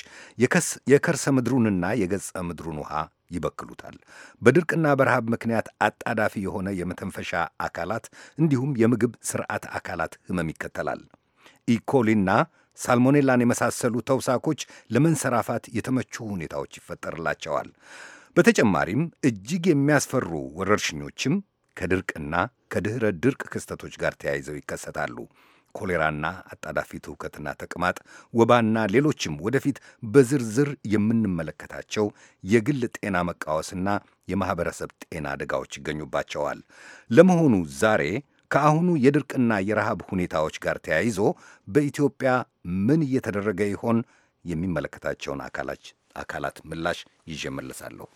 የከርሰ ምድሩንና የገጸ ምድሩን ውሃ ይበክሉታል። በድርቅና በረሃብ ምክንያት አጣዳፊ የሆነ የመተንፈሻ አካላት እንዲሁም የምግብ ስርዓት አካላት ህመም ይከተላል። ኢኮሊና ሳልሞኔላን የመሳሰሉ ተውሳኮች ለመንሰራፋት የተመቹ ሁኔታዎች ይፈጠርላቸዋል። በተጨማሪም እጅግ የሚያስፈሩ ወረርሽኞችም ከድርቅና ከድኅረ ድርቅ ክስተቶች ጋር ተያይዘው ይከሰታሉ። ኮሌራና አጣዳፊ ትውከትና ተቅማጥ፣ ወባና ሌሎችም ወደፊት በዝርዝር የምንመለከታቸው የግል ጤና መቃወስና የማኅበረሰብ ጤና አደጋዎች ይገኙባቸዋል። ለመሆኑ ዛሬ ከአሁኑ የድርቅና የረሃብ ሁኔታዎች ጋር ተያይዞ በኢትዮጵያ ምን እየተደረገ ይሆን? የሚመለከታቸውን አካላት ምላሽ ይዤ መለሳለሁ።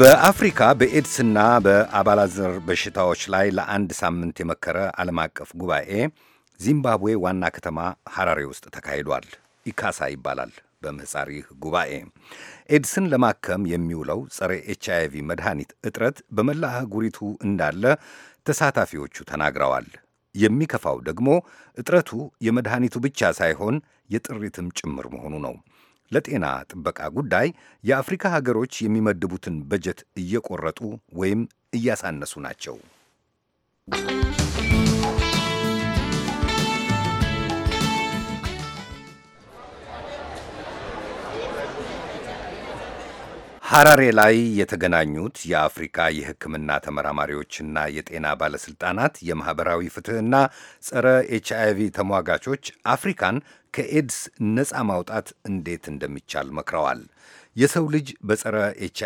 በአፍሪካ በኤድስና በአባላዘር በሽታዎች ላይ ለአንድ ሳምንት የመከረ ዓለም አቀፍ ጉባኤ ዚምባብዌ ዋና ከተማ ሐራሬ ውስጥ ተካሂዷል። ኢካሳ ይባላል በምህፃር ጉባኤ ኤድስን ለማከም የሚውለው ጸረ ኤች አይ ቪ መድኃኒት እጥረት በመላ አህጉሪቱ እንዳለ ተሳታፊዎቹ ተናግረዋል። የሚከፋው ደግሞ እጥረቱ የመድኃኒቱ ብቻ ሳይሆን የጥሪትም ጭምር መሆኑ ነው። ለጤና ጥበቃ ጉዳይ የአፍሪካ ሀገሮች የሚመድቡትን በጀት እየቆረጡ ወይም እያሳነሱ ናቸው። ሐራሬ ላይ የተገናኙት የአፍሪካ የሕክምና ተመራማሪዎችና የጤና ባለሥልጣናት የማኅበራዊ ፍትሕና ጸረ ኤች አይቪ ተሟጋቾች አፍሪካን ከኤድስ ነፃ ማውጣት እንዴት እንደሚቻል መክረዋል። የሰው ልጅ በጸረ ኤች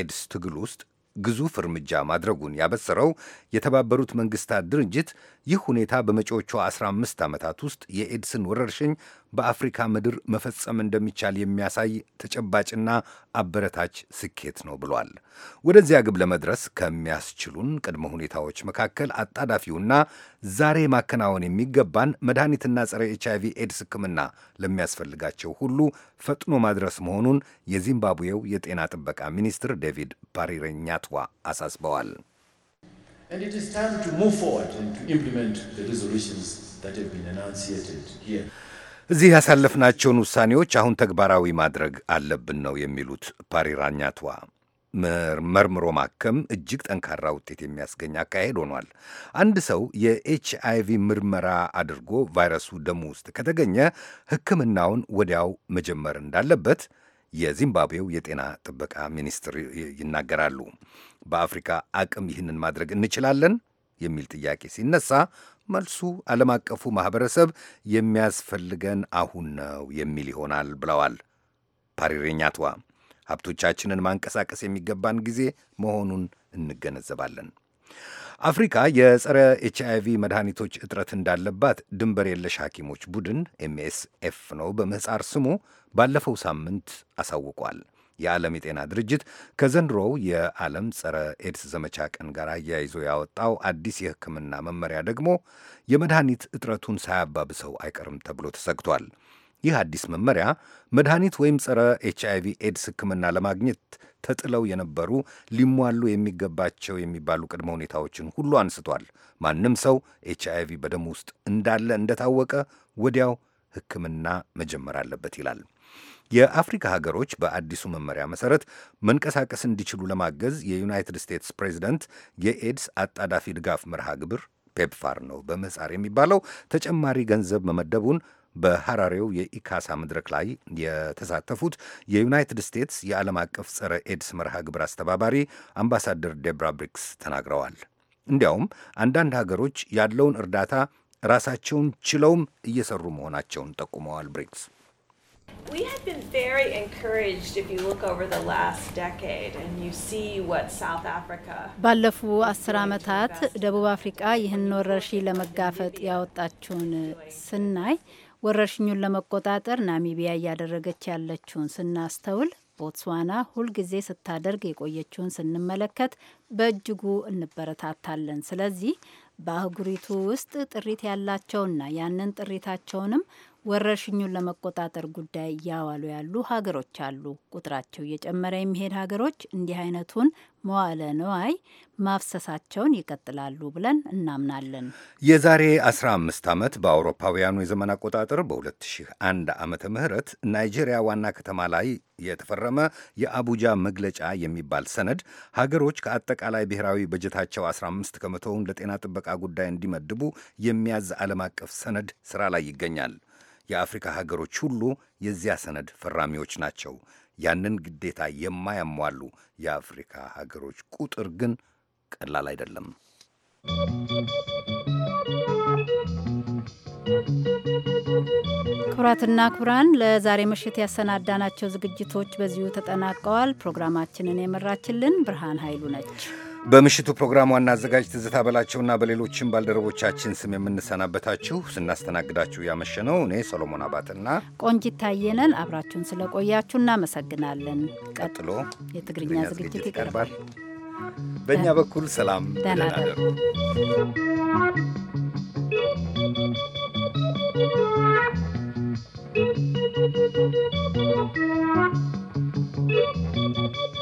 ኤድስ ትግል ውስጥ ግዙፍ እርምጃ ማድረጉን ያበሰረው የተባበሩት መንግሥታት ድርጅት ይህ ሁኔታ በመጪዎቹ 15 ዓመታት ውስጥ የኤድስን ወረርሽኝ በአፍሪካ ምድር መፈጸም እንደሚቻል የሚያሳይ ተጨባጭና አበረታች ስኬት ነው ብሏል። ወደዚያ ግብ ለመድረስ ከሚያስችሉን ቅድመ ሁኔታዎች መካከል አጣዳፊውና ዛሬ ማከናወን የሚገባን መድኃኒትና ጸረ ኤች ኤድስ ሕክምና ለሚያስፈልጋቸው ሁሉ ፈጥኖ ማድረስ መሆኑን የዚምባብዌው የጤና ጥበቃ ሚኒስትር ዴቪድ ፓሪረኛትዋ አሳስበዋል። እዚህ ያሳለፍናቸውን ውሳኔዎች አሁን ተግባራዊ ማድረግ አለብን ነው የሚሉት ፓሪራኛቷ። መርምሮ ማከም እጅግ ጠንካራ ውጤት የሚያስገኝ አካሄድ ሆኗል። አንድ ሰው የኤች ምርመራ አድርጎ ቫይረሱ ደሙ ውስጥ ከተገኘ ሕክምናውን ወዲያው መጀመር እንዳለበት የዚምባብዌው የጤና ጥበቃ ሚኒስትር ይናገራሉ። በአፍሪካ አቅም ይህንን ማድረግ እንችላለን የሚል ጥያቄ ሲነሳ መልሱ ዓለም አቀፉ ማኅበረሰብ የሚያስፈልገን አሁን ነው የሚል ይሆናል ብለዋል ፓሪሬኛትዋ። ሀብቶቻችንን ማንቀሳቀስ የሚገባን ጊዜ መሆኑን እንገነዘባለን። አፍሪካ የጸረ ኤች አይቪ መድኃኒቶች እጥረት እንዳለባት ድንበር የለሽ ሐኪሞች ቡድን ኤምኤስኤፍ ነው በምህፃር ስሙ ባለፈው ሳምንት አሳውቋል። የዓለም የጤና ድርጅት ከዘንድሮው የዓለም ጸረ ኤድስ ዘመቻ ቀን ጋር አያይዞ ያወጣው አዲስ የሕክምና መመሪያ ደግሞ የመድኃኒት እጥረቱን ሳያባብሰው አይቀርም ተብሎ ተሰግቷል። ይህ አዲስ መመሪያ መድኃኒት ወይም ጸረ ኤች አይቪ ኤድስ ሕክምና ለማግኘት ተጥለው የነበሩ ሊሟሉ የሚገባቸው የሚባሉ ቅድመ ሁኔታዎችን ሁሉ አንስቷል። ማንም ሰው ኤች አይቪ በደም ውስጥ እንዳለ እንደታወቀ ወዲያው ሕክምና መጀመር አለበት ይላል። የአፍሪካ ሀገሮች በአዲሱ መመሪያ መሰረት መንቀሳቀስ እንዲችሉ ለማገዝ የዩናይትድ ስቴትስ ፕሬዚደንት የኤድስ አጣዳፊ ድጋፍ መርሃ ግብር ፔፕፋር ነው በምህጻር የሚባለው ተጨማሪ ገንዘብ መመደቡን በሐራሬው የኢካሳ መድረክ ላይ የተሳተፉት የዩናይትድ ስቴትስ የዓለም አቀፍ ጸረ ኤድስ መርሃ ግብር አስተባባሪ አምባሳደር ዴብራ ብሪክስ ተናግረዋል። እንዲያውም አንዳንድ ሀገሮች ያለውን እርዳታ ራሳቸውን ችለውም እየሰሩ መሆናቸውን ጠቁመዋል ብሪክስ We have been very encouraged if you look over the last decade and you see what South Africa ባለፉ አስር ዓመታት ደቡብ አፍሪቃ ይህን ወረርሽኝ ለመጋፈጥ ያወጣችውን ስናይ ወረርሽኙን ለመቆጣጠር ናሚቢያ እያደረገች ያለችውን ስናስተውል ቦትስዋና ሁልጊዜ ስታደርግ የቆየችውን ስንመለከት በእጅጉ እንበረታታለን። ስለዚህ በአህጉሪቱ ውስጥ ጥሪት ያላቸውና ያንን ጥሪታቸውንም ወረርሽኙን ለመቆጣጠር ጉዳይ እያዋሉ ያሉ ሀገሮች አሉ። ቁጥራቸው እየጨመረ የሚሄድ ሀገሮች እንዲህ አይነቱን መዋለ ነዋይ ማፍሰሳቸውን ይቀጥላሉ ብለን እናምናለን። የዛሬ 15 ዓመት በአውሮፓውያኑ የዘመን አቆጣጠር በ2001 ዓመተ ምህረት ናይጄሪያ ዋና ከተማ ላይ የተፈረመ የአቡጃ መግለጫ የሚባል ሰነድ ሀገሮች ከአጠቃላይ ብሔራዊ በጀታቸው 15 ከመቶውን ለጤና ጥበቃ ጉዳይ እንዲመድቡ የሚያዝ ዓለም አቀፍ ሰነድ ስራ ላይ ይገኛል። የአፍሪካ ሀገሮች ሁሉ የዚያ ሰነድ ፈራሚዎች ናቸው። ያንን ግዴታ የማያሟሉ የአፍሪካ ሀገሮች ቁጥር ግን ቀላል አይደለም። ክቡራትና ክቡራን ለዛሬ ምሽት ያሰናዳናቸው ዝግጅቶች በዚሁ ተጠናቀዋል። ፕሮግራማችንን የመራችልን ብርሃን ኃይሉ ነች። በምሽቱ ፕሮግራም ዋና አዘጋጅ ትዝታ በላቸውና በሌሎችም ባልደረቦቻችን ስም የምንሰናበታችሁ ስናስተናግዳችሁ ያመሸነው እኔ ሰሎሞን አባትና ቆንጂት ታየነን አብራችሁን ስለቆያችሁ እናመሰግናለን። ቀጥሎ የትግርኛ ዝግጅት ይቀርባል። በእኛ በኩል ሰላም ደናደሩ Thank you.